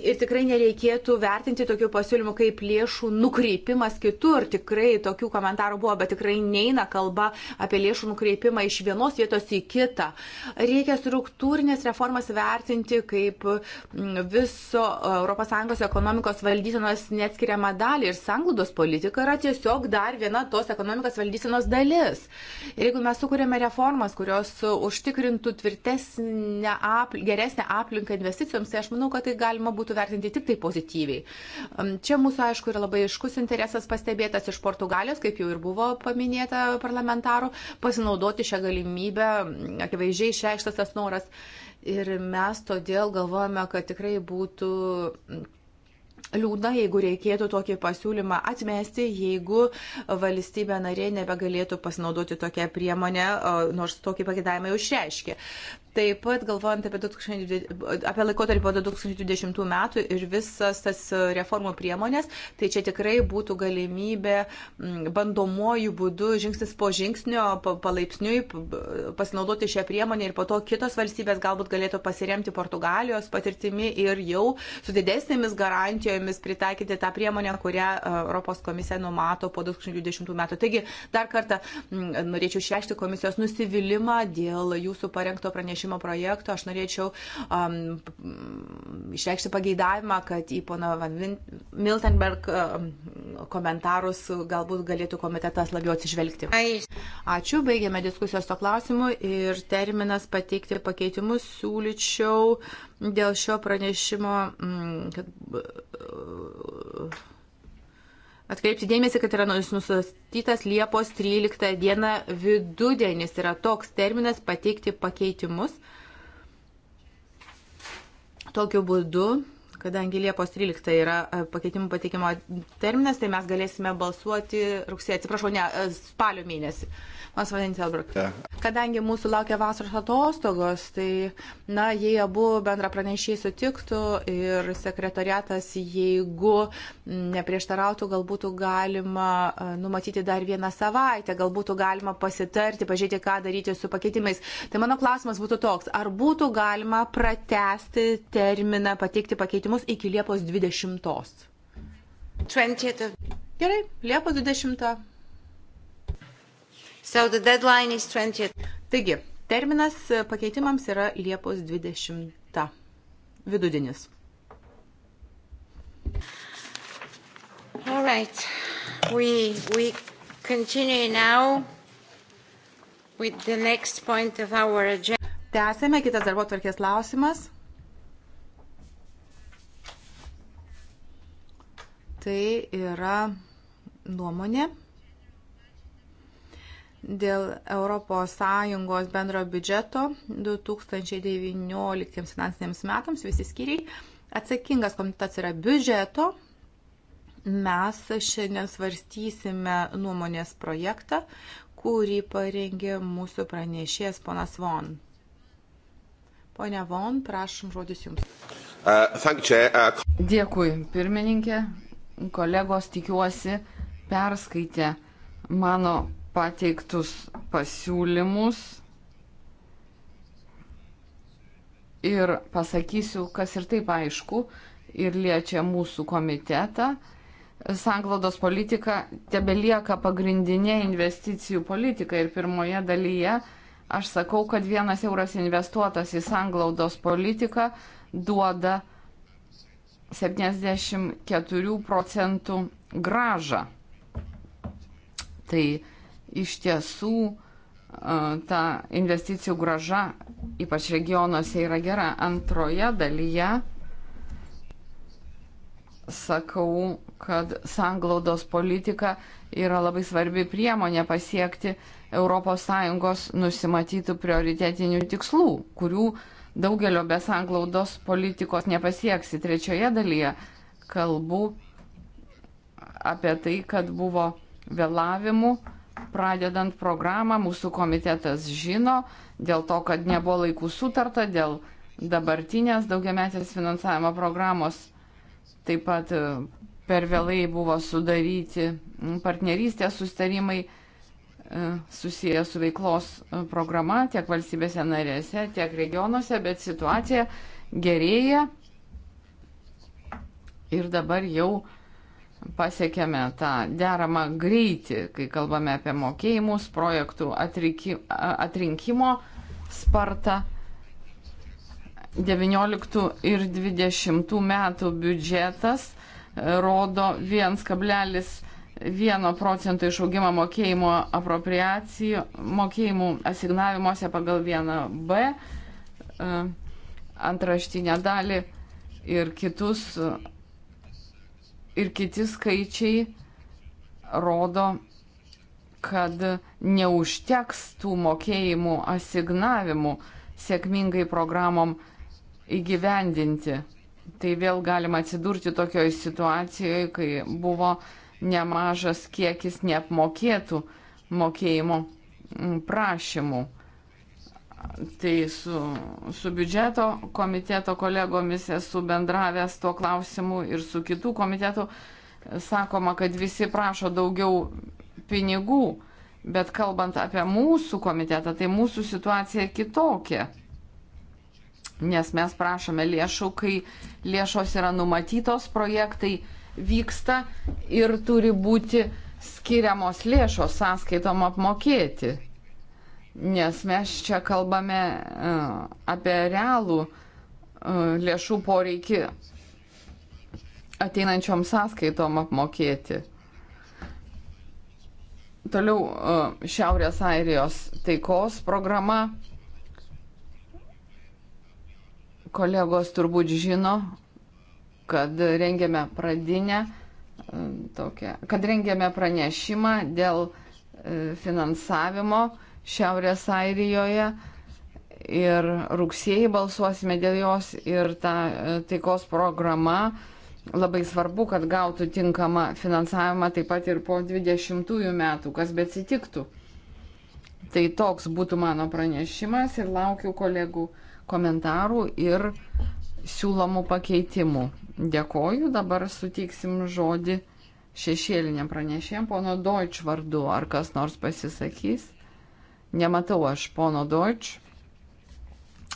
Ir tikrai nereikėtų vertinti tokių pasiūlymų kaip lėšų nukreipimas kitur. Tikrai tokių komentarų buvo, bet tikrai neina kalba apie lėšų nukreipimą iš vienos vietos į kitą. Reikia struktūrinės reformas vertinti kaip mm, viso uh, ES ekonomikos valdysenos neatskiriamą dalį ir sąlygą sanglaudos politika yra tiesiog dar viena tos ekonomikos valdysenos dalis. Ir jeigu mes sukūrėme reformas, kurios užtikrintų tvirtesnę, apl geresnę aplinką investicijoms, tai aš manau, kad tai galima būtų vertinti tik tai pozityviai. Čia mūsų, aišku, yra labai iškus interesas pastebėtas iš Portugalijos, kaip jau ir buvo paminėta parlamentarų, pasinaudoti šią galimybę, akivaizdžiai išreikštas tas noras. Ir mes todėl galvojame, kad tikrai būtų liūdna, jeigu reikėtų tokį pasiūlymą atmesti, jeigu valstybė narė nebegalėtų pasinaudoti tokią priemonę, nors tokį pagėdavimą jau išreiškė. Taip pat galvojant apie, 2020, apie laikotarpį po 2020 metų ir visas tas e, reformų priemonės, tai čia tikrai būtų galimybė bandomuoju būdu žingsnis po žingsnio, palaipsniui pasinaudoti šią priemonę ir po to kitos valstybės galbūt galėtų pasiremti Portugalijos patirtimi ir jau su didesnėmis garantijomis pritaikyti tą priemonę, kurią e, Europos komisija numato po 2020 metų. Taigi dar kartą norėčiau išreikšti komisijos nusivylimą dėl jūsų parengto pranešimo pranešimo projekto aš norėčiau um, išreikšti pageidavimą, kad į pono Van Miltenberg um, komentarus galbūt galėtų komitetas labiau atsižvelgti. Ačiū, baigėme diskusijos to klausimu ir terminas pateikti pakeitimus siūlyčiau dėl šio pranešimo. Um, kad, uh, atkreipti dėmesį, kad yra nu- nusastytas Liepos 13 diena vidudienis, yra toks terminas pateikti pakeitimus. Tokiu būdu, kadangi Liepos 13 yra e, pakeitimų pateikimo terminas, tai mes galėsime balsuoti rugsėjo, atsiprašau, ne, e, spalio mėnesį. Mas Vanintelbruk. Kadangi mūsų laukia vasaros atostogos, tai, na, jei abu bendra pranešiai sutiktų ir sekretariatas, jeigu neprieštarautų, galbūt galima numatyti dar vieną savaitę, galbūt galima pasitarti, pažiūrėti, ką daryti su pakeitimais. Tai mano klausimas būtų toks, ar būtų galima pratesti terminą pateikti pakeitimus iki Liepos 20? 20. Gerai, Liepos 20. So the deadline is 20. Taigi, terminas e, pakeitimams yra Liepos 20. Vidudinis. All right. We, we continue now with the next point of our agenda. Tęsėme kitas darbo tvarkės klausimas. Tai yra nuomonė dėl ES bendro biudžeto 2019 finansiniams metams visi skyriai. Atsakingas komitetas yra biudžeto. Mes šiandien svarstysime nuomonės projektą, kurį parengė mūsų pranešėjas ponas Von. Pone Von, prašom žodis Jums. Uh, uh, Dėkui, pirmininkė. Kolegos, tikiuosi, perskaitė mano pateiktus pasiūlymus ir pasakysiu, kas ir taip aišku ir liečia mūsų komitetą. Sanglodos politika tebelieka pagrindinė investicijų politika ir pirmoje dalyje aš sakau, kad vienas euras investuotas į sanglaudos politiką duoda 74 procentų gražą. Tai iš tiesų ta investicijų graža, ypač regionuose, yra gera. Antroje dalyje sakau, kad sanglaudos politika yra labai svarbi priemonė pasiekti ES nusimatytų prioritetinių tikslų, kurių daugelio be sanglaudos politikos nepasieksi. Trečioje dalyje kalbu apie tai, kad buvo vėlavimų pradedant programą, mūsų komitetas žino, dėl to, kad nebuvo laikų sutarta, dėl dabartinės daugiametės finansavimo programos taip pat e, per vėlai buvo sudaryti partnerystės sustarimai e, susiję su veiklos e, programa tiek valstybėse narėse, tiek regionuose, bet situacija gerėja ir dabar jau uh, pasiekėme tą deramą greitį, kai kalbame apie mokėjimus, projektų atriki, atrinkimo spartą. 19 ir 20 metų biudžetas e, rodo 1,1 procento išaugimą mokėjimo apropriacijų, mokėjimų asignavimuose pagal 1B e, antraštinę dalį ir kitus ir kiti skaičiai rodo, kad neužteks tų mokėjimų asignavimų sėkmingai programom įgyvendinti. Tai vėl galima atsidurti tokioje situacijoje, kai buvo nemažas kiekis neapmokėtų mokėjimo prašymų tai su, su biudžeto komiteto kolegomis esu bendravęs tuo klausimu ir su kitų komitetų. Sakoma, kad visi prašo daugiau pinigų, bet kalbant apie mūsų komitetą, tai mūsų situacija kitokia. Nes mes prašome lėšų, kai lėšos yra numatytos, projektai vyksta ir turi būti skiriamos lėšos sąskaitom apmokėti nes mes čia kalbame e, apie realų e, lėšų poreikį ateinančiom sąskaitom apmokėti. Toliau e, Šiaurės Airijos taikos programa. Kolegos turbūt žino, kad rengėme pradinę, tokią, kad rengėme pranešimą dėl finansavimo Šiaurės Airijoje ir rugsėjai balsuosime dėl jos ir ta e, taikos programa labai svarbu, kad gautų tinkamą finansavimą taip pat ir po 20 metų, kas betsitiktų. Tai toks būtų mano pranešimas ir laukiu kolegų komentarų ir siūlomų pakeitimų. Dėkoju, dabar suteiksim žodį šešėlinėm pranešėm, pono Deutsch vardu, ar kas nors pasisakys. Nematau aš pono Deutsch.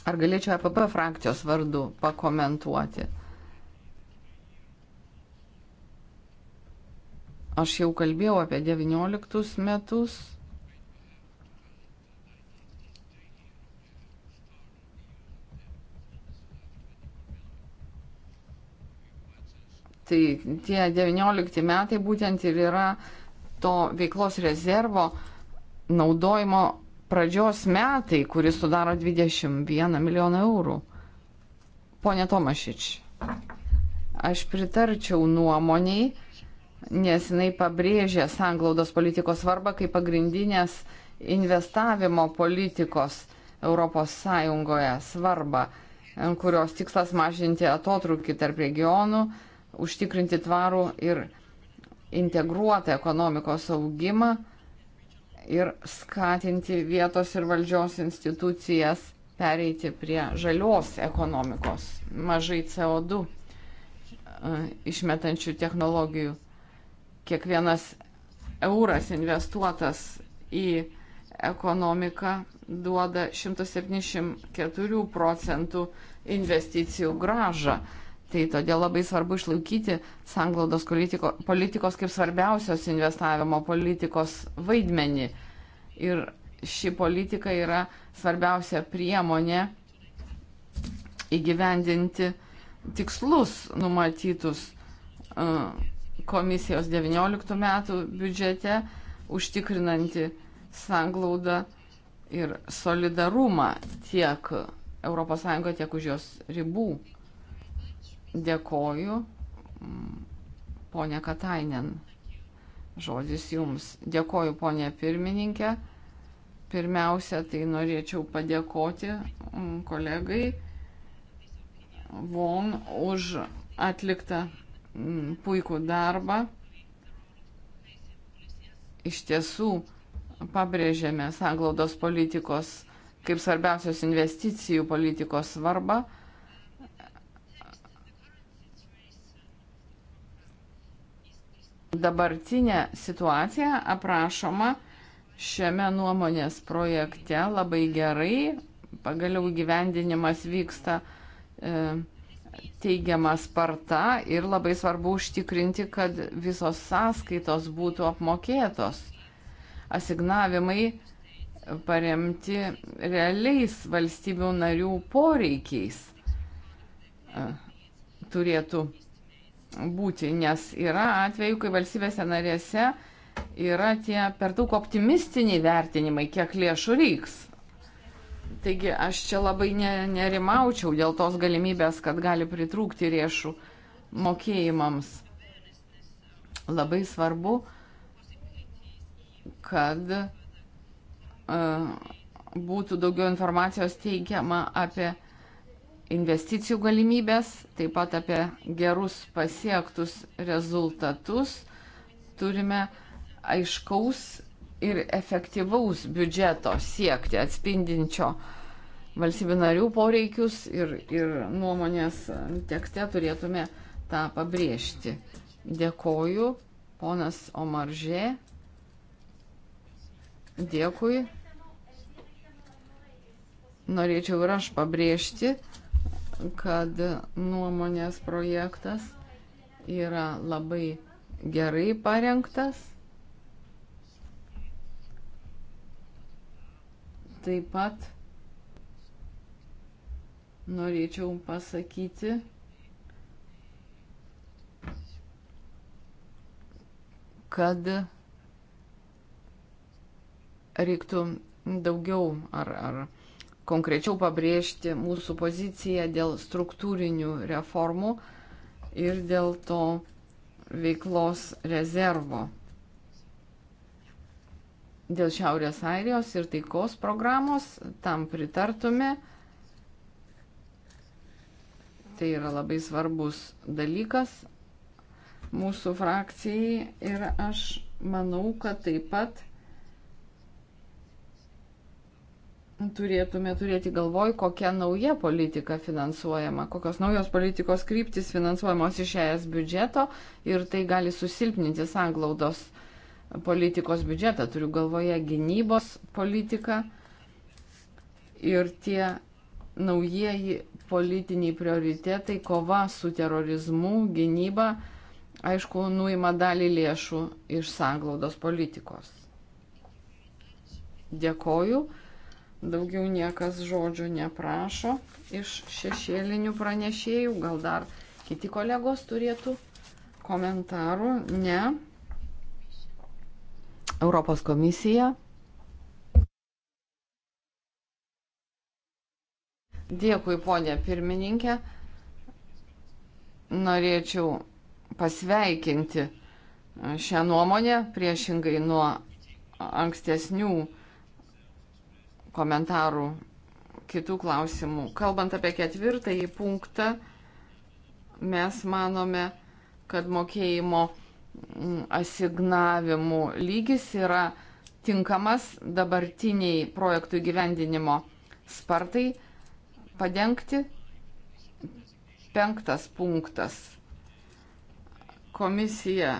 Ar galėčiau APP e frakcijos vardu pakomentuoti? Aš jau kalbėjau apie 19 metus. Tai tie 19 metai būtent ir yra to veiklos rezervo naudojimo pradžios metai, kuris sudaro 21 milijoną eurų. Pone Tomašič, aš pritarčiau nuomoniai, nes jinai pabrėžė sanglaudos politikos svarbą kaip pagrindinės investavimo politikos ES svarbą, kurios tikslas mažinti atotrukį tarp regionų, užtikrinti tvarų ir integruotą ekonomikos augimą ir skatinti vietos ir valdžios institucijas pereiti prie žalios ekonomikos, mažai CO2 e, išmetančių technologijų. Kiekvienas euras investuotas į ekonomiką duoda 174 procentų investicijų gražą. Tai todėl labai svarbu išlaikyti sanglaudos politiko, politikos kaip svarbiausios investavimo politikos vaidmenį. Ir ši politika yra svarbiausia priemonė įgyvendinti tikslus numatytus e, komisijos 19 metų biudžete, užtikrinanti sanglaudą ir solidarumą tiek ES, tiek už jos ribų. Dėkoju, ponė Katainen. Žodis jums. Dėkoju, ponė pirmininkė. Pirmiausia, tai norėčiau padėkoti mm, kolegai Von už atliktą mm, puikų darbą. Iš tiesų, pabrėžėme sanglaudos politikos kaip svarbiausios investicijų politikos svarbą Dabartinė situacija aprašoma šiame nuomonės projekte labai gerai, pagaliau gyvendinimas vyksta e, teigiama sparta ir labai svarbu užtikrinti, kad visos sąskaitos būtų apmokėtos. Asignavimai paremti realiais valstybių narių poreikiais e, turėtų būti, nes yra atveju, kai valstybėse narėse yra tie per daug optimistiniai vertinimai, kiek lėšų reiks. Taigi aš čia labai nerimaučiau dėl tos galimybės, kad gali pritrūkti lėšų mokėjimams. Labai svarbu, kad uh, būtų daugiau informacijos teikiama apie investicijų galimybės, taip pat apie gerus pasiektus rezultatus. Turime aiškaus ir efektyvaus biudžeto siekti atspindinčio valstybių narių poreikius ir, ir nuomonės tekste turėtume tą pabrėžti. Dėkoju, ponas Omaržė. Dėkui. Norėčiau ir aš pabrėžti, kad nuomonės projektas yra labai gerai parengtas. Taip pat norėčiau pasakyti, kad reiktų daugiau ar, ar konkrečiau pabrėžti mūsų poziciją dėl struktūrinių reformų ir dėl to veiklos rezervo. Dėl Šiaurės Airijos ir taikos programos tam pritartume. Tai yra labai svarbus dalykas mūsų frakcijai ir aš manau, kad taip pat turėtume turėti galvoj, kokia nauja politika finansuojama, kokios naujos politikos kryptis finansuojamos iš ES biudžeto ir tai gali susilpninti sanglaudos politikos biudžetą, turiu galvoje gynybos politiką ir tie naujieji politiniai prioritetai, kova su terorizmu, gynyba, aišku, nuima dalį lėšų iš sanglaudos politikos. Dėkoju. Daugiau niekas žodžių neprašo iš šešėlinių pranešėjų. Gal dar kiti kolegos turėtų komentarų? Ne. Europos komisija. Dėkui, ponė pirmininkė. Norėčiau pasveikinti šią nuomonę priešingai nuo ankstesnių komentarų kitų klausimų. Kalbant apie ketvirtąjį punktą, mes manome, kad mokėjimo mm, asignavimų lygis yra tinkamas dabartiniai projektų gyvendinimo spartai padengti. Penktas punktas. Komisija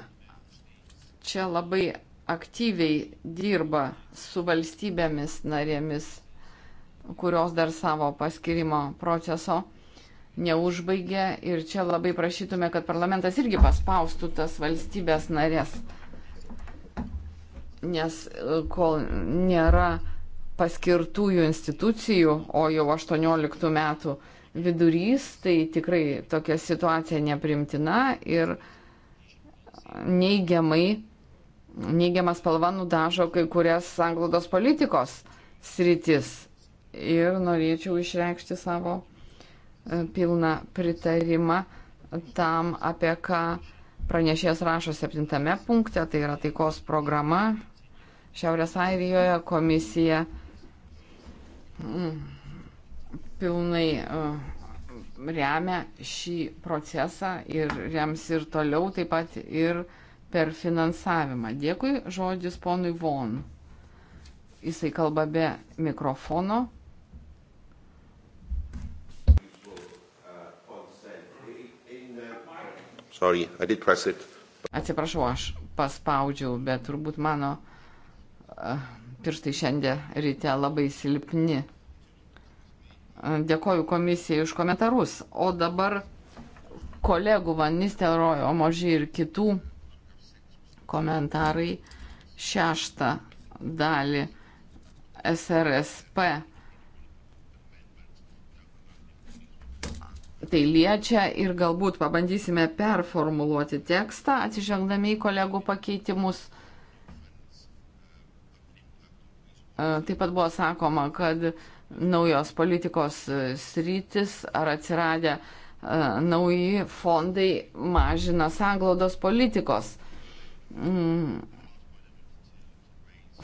čia labai aktyviai dirba su valstybėmis narėmis, kurios dar savo paskirimo proceso neužbaigė. Ir čia labai prašytume, kad parlamentas irgi paspaustų tas valstybės narės. Nes e, kol nėra paskirtųjų institucijų, o jau 18 metų vidurys, tai tikrai tokia situacija neprimtina ir neigiamai neigiamas spalva nudažo kai kurias anglodos politikos sritis. Ir norėčiau išreikšti savo e, pilną pritarimą tam, apie ką pranešėjas rašo septintame punkte, tai yra taikos programa Šiaurės Airijoje, komisija mm, pilnai e, remia šį procesą ir rems ir toliau, taip pat ir uh, per finansavimą. Dėkui, žodis ponui Von. Jisai kalba be mikrofono. Sorry, Atsiprašau, aš paspaudžiau, bet turbūt mano pirštai šiandien ryte labai silpni. Dėkoju komisijai už komentarus. O dabar kolegų Van Nistelrojo, Moži ir kitų komentarai šeštą dalį SRSP. Tai liečia ir galbūt pabandysime performuluoti tekstą, atsižengdami į kolegų pakeitimus. E, taip pat buvo sakoma, kad naujos politikos sritis ar atsiradę e, nauji fondai mažina sanglaudos politikos uh, mm,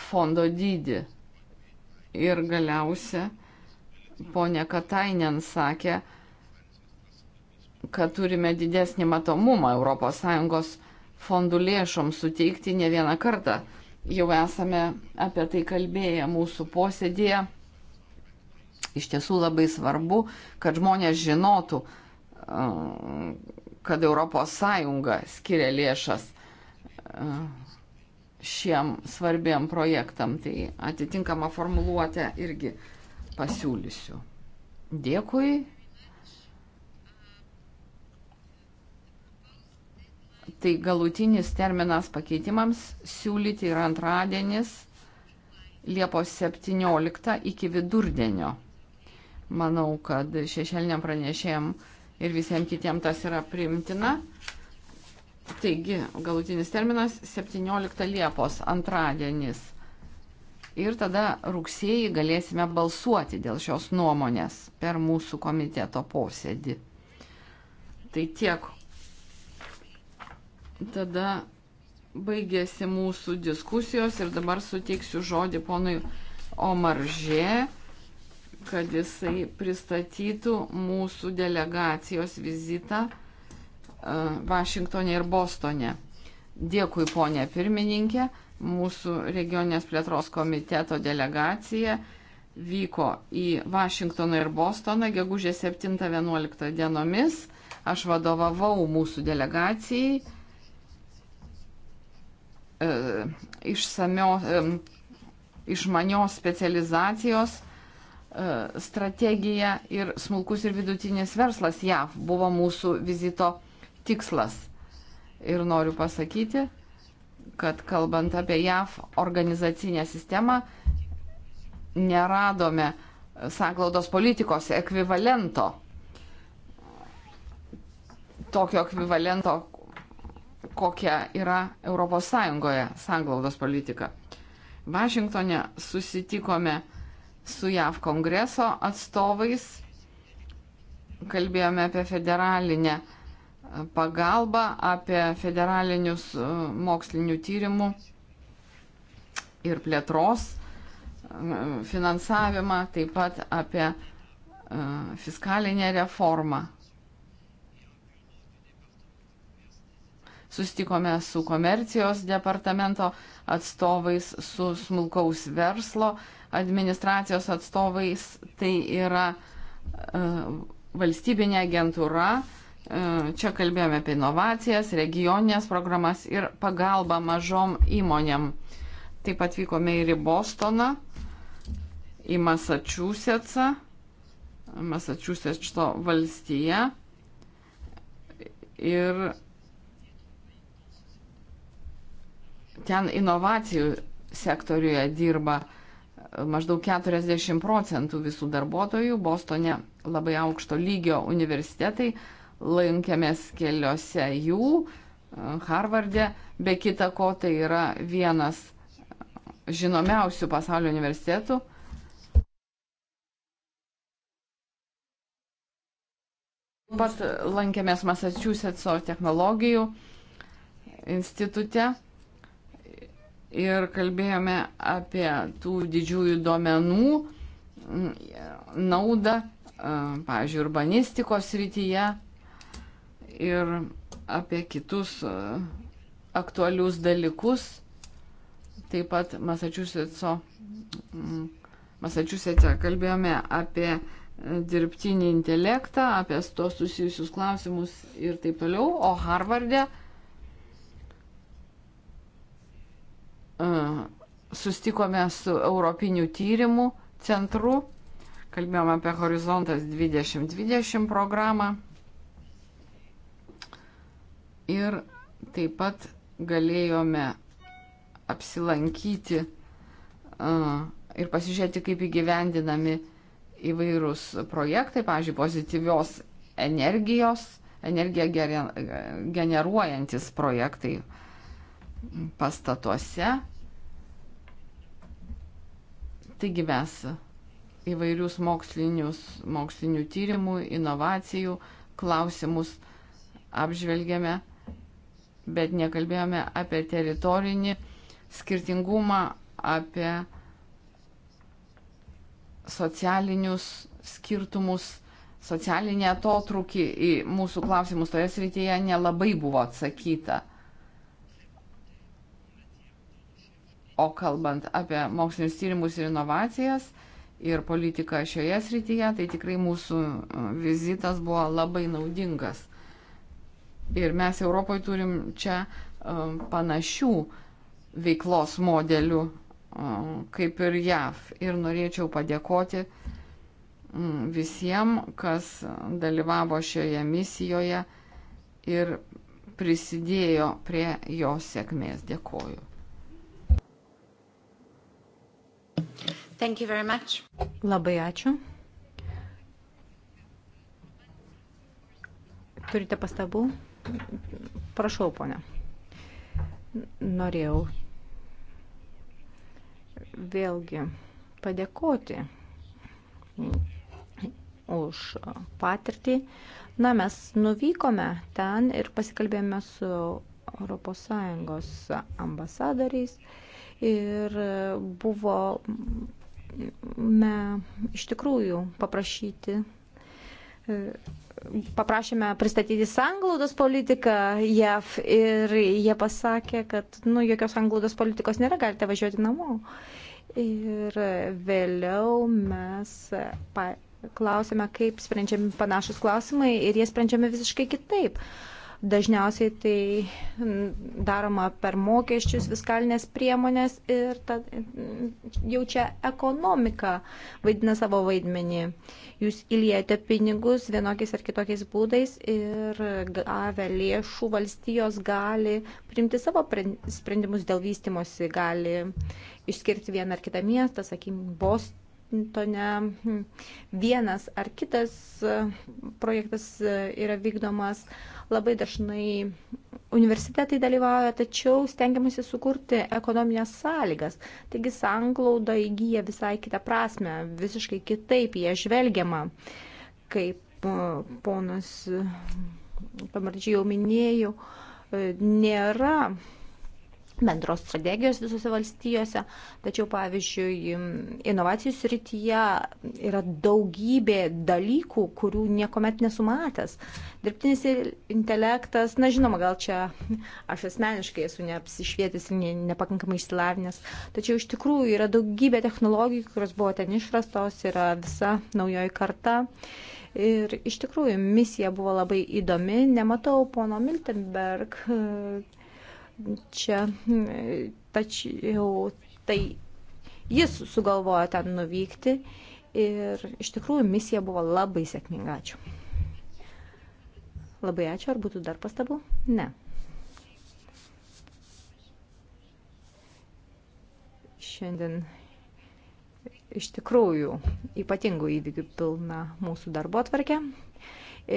fondo dydį. Ir galiausia, ponė Katainen sakė, kad turime didesnį matomumą ES fondų lėšoms suteikti ne vieną kartą. Jau esame apie tai kalbėję mūsų posėdėje. Iš tiesų labai svarbu, kad žmonės žinotų, uh, kad ES skiria lėšas šiem svarbiem projektam. Tai atitinkamą formuluotę irgi pasiūlysiu. Dėkui. Tai galutinis terminas pakeitimams siūlyti yra antradienis Liepos 17 iki vidurdienio. Manau, kad šešėliniam pranešėjim ir visiems kitiems tas yra primtina. Taigi, galutinis terminas 17 Liepos antradienis. Ir tada rugsėjai galėsime balsuoti dėl šios nuomonės per mūsų komiteto posėdį. Tai tiek. Tada baigėsi mūsų diskusijos ir dabar suteiksiu žodį ponui Omaržė, kad jisai pristatytų mūsų delegacijos vizitą E, Vašingtonė ir Bostone. Dėkui, ponė pirmininkė. Mūsų regioninės plėtros komiteto delegacija vyko į Vašingtoną ir Bostoną gegužė 7-11 dienomis. Aš vadovavau mūsų delegacijai. E, išsamio, e, išmanios specializacijos e, strategija ir smulkus ir vidutinis verslas JAV buvo mūsų vizito tikslas. Ir noriu pasakyti, kad kalbant apie JAV organizacinę sistemą, neradome sanglaudos politikos ekvivalento. Tokio ekvivalento, kokia yra ES sanglaudos politika. Vašingtonė susitikome su JAV kongreso atstovais, kalbėjome apie federalinę uh, pagalbą, apie federalinius e, mokslinių tyrimų ir plėtros e, finansavimą, taip pat apie e, fiskalinę reformą. Sustikome su komercijos departamento atstovais, su smulkaus verslo administracijos atstovais, tai yra valstybinė agentūra, E, čia kalbėjome apie inovacijas, regioninės programas ir pagalbą mažom įmonėm. Taip pat vykome ir į Bostoną, į Massachusettsą, Massachusetts'o valstiją. Ir ten inovacijų sektoriuje dirba maždaug 40 procentų visų darbuotojų, Bostone labai aukšto lygio universitetai lankėmės keliose jų, Harvardė, e, be kita ko tai yra vienas žinomiausių pasaulio universitetų. Taip pat lankėmės Massachusetts'o technologijų institute ir kalbėjome apie tų didžiųjų duomenų naudą, pavyzdžiui, urbanistikos rytyje ir apie kitus e, aktualius dalykus. Taip pat Masačiusetso, Masačiusetse mm, kalbėjome apie e, dirbtinį intelektą, apie to susijusius klausimus ir taip toliau. O Harvardė e sustikome su Europinių tyrimų centru, kalbėjome apie Horizontas 2020 programą ir taip pat galėjome apsilankyti uh, ir pasižiūrėti, kaip įgyvendinami įvairūs projektai, pavyzdžiui, pozityvios energijos, energiją generuojantis projektai pastatuose. Taigi mes įvairius mokslinius, mokslinių tyrimų, inovacijų klausimus apžvelgėme bet nekalbėjome apie teritorinį skirtingumą, apie socialinius skirtumus, socialinį atotrukį į mūsų klausimus toje srityje nelabai buvo atsakyta. O kalbant apie mokslinius tyrimus ir inovacijas ir politiką šioje srityje, tai tikrai mūsų vizitas buvo labai naudingas. Ir mes Europoje turim čia e, panašių veiklos modelių e, kaip ir JAV. Ir norėčiau padėkoti visiems, kas dalyvavo šioje misijoje ir prisidėjo prie jos sėkmės. Dėkoju. Labai ačiū. Turite pastabų? Prašau, ponė. Norėjau vėlgi padėkoti už patirtį. Na, mes nuvykome ten ir pasikalbėjome su ES ambasadoriais ir buvo me, iš tikrųjų paprašyti paprašėme pristatyti sanglaudos politiką JAV ir jie pasakė, kad nu, jokios sanglaudos politikos nėra, galite važiuoti namo. Ir vėliau mes klausėme, kaip sprendžiami panašus klausimai ir jie sprendžiami visiškai kitaip. Uh, Dažniausiai tai daroma per mokesčius, fiskalinės priemonės ir ta, jau čia ekonomika vaidina savo vaidmenį. Jūs įliejate pinigus vienokiais ar kitokiais būdais ir gavę lėšų valstijos gali priimti savo sprendimus dėl vystimosi, gali išskirti vieną ar kitą miestą, sakykime, Bostoną to ne vienas ar kitas projektas yra vykdomas, Labai dažnai universitetai dalyvauja, tačiau stengiamasi sukurti ekonominės sąlygas. Taigi sanglauda įgyja visai kitą prasme, visiškai kitaip jie žvelgiama, kaip e, ponas e, Pamardžiai jau minėjau, e, nėra bendros strategijos visose valstijose, tačiau pavyzdžiui, inovacijų srityje yra daugybė dalykų, kurių niekuomet nesumatęs. Dirbtinis intelektas, na žinoma, gal čia aš asmeniškai esu neapsišvietęs ir ne, nepakankamai išsilavinęs, tačiau iš tikrųjų yra daugybė technologijų, kurios buvo ten išrastos, yra visa naujoji karta. Ir iš tikrųjų misija buvo labai įdomi. Nematau pono Miltenberg, čia, tačiau tai jis sugalvojo ten nuvykti ir iš tikrųjų misija buvo labai sėkminga. Ačiū. Labai ačiū, ar būtų dar pastabų? Ne. Šiandien iš tikrųjų ypatingų įvykių pilna mūsų darbo atvarkė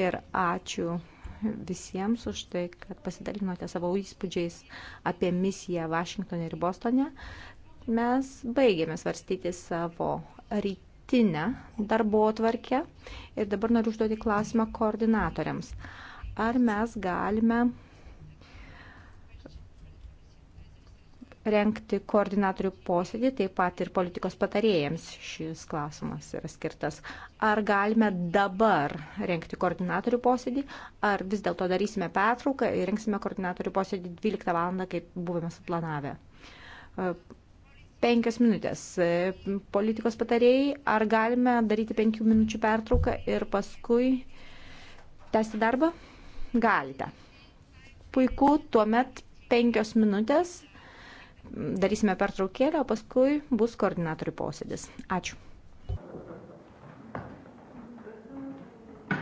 ir ačiū visiems už tai, kad pasidalinote savo įspūdžiais apie misiją Vašingtonė ir Bostone. Mes baigėme svarstyti savo rytinę darbo atvarkę ir dabar noriu užduoti klausimą koordinatoriams. Ar mes galime renkti koordinatorių posėdį, taip pat ir politikos patarėjams šis klausimas yra skirtas. Ar galime dabar renkti koordinatorių posėdį, ar vis dėlto darysime pertrauką ir renksime koordinatorių posėdį 12 val. kaip buvome suplanavę? Penkios minutės. Politikos patarėjai, ar galime daryti penkių minučių pertrauką ir paskui tęsti darbą? Galite. Puiku, tuomet penkios minutės darysime pertraukėlę, o paskui bus koordinatorių posėdis. Ačiū.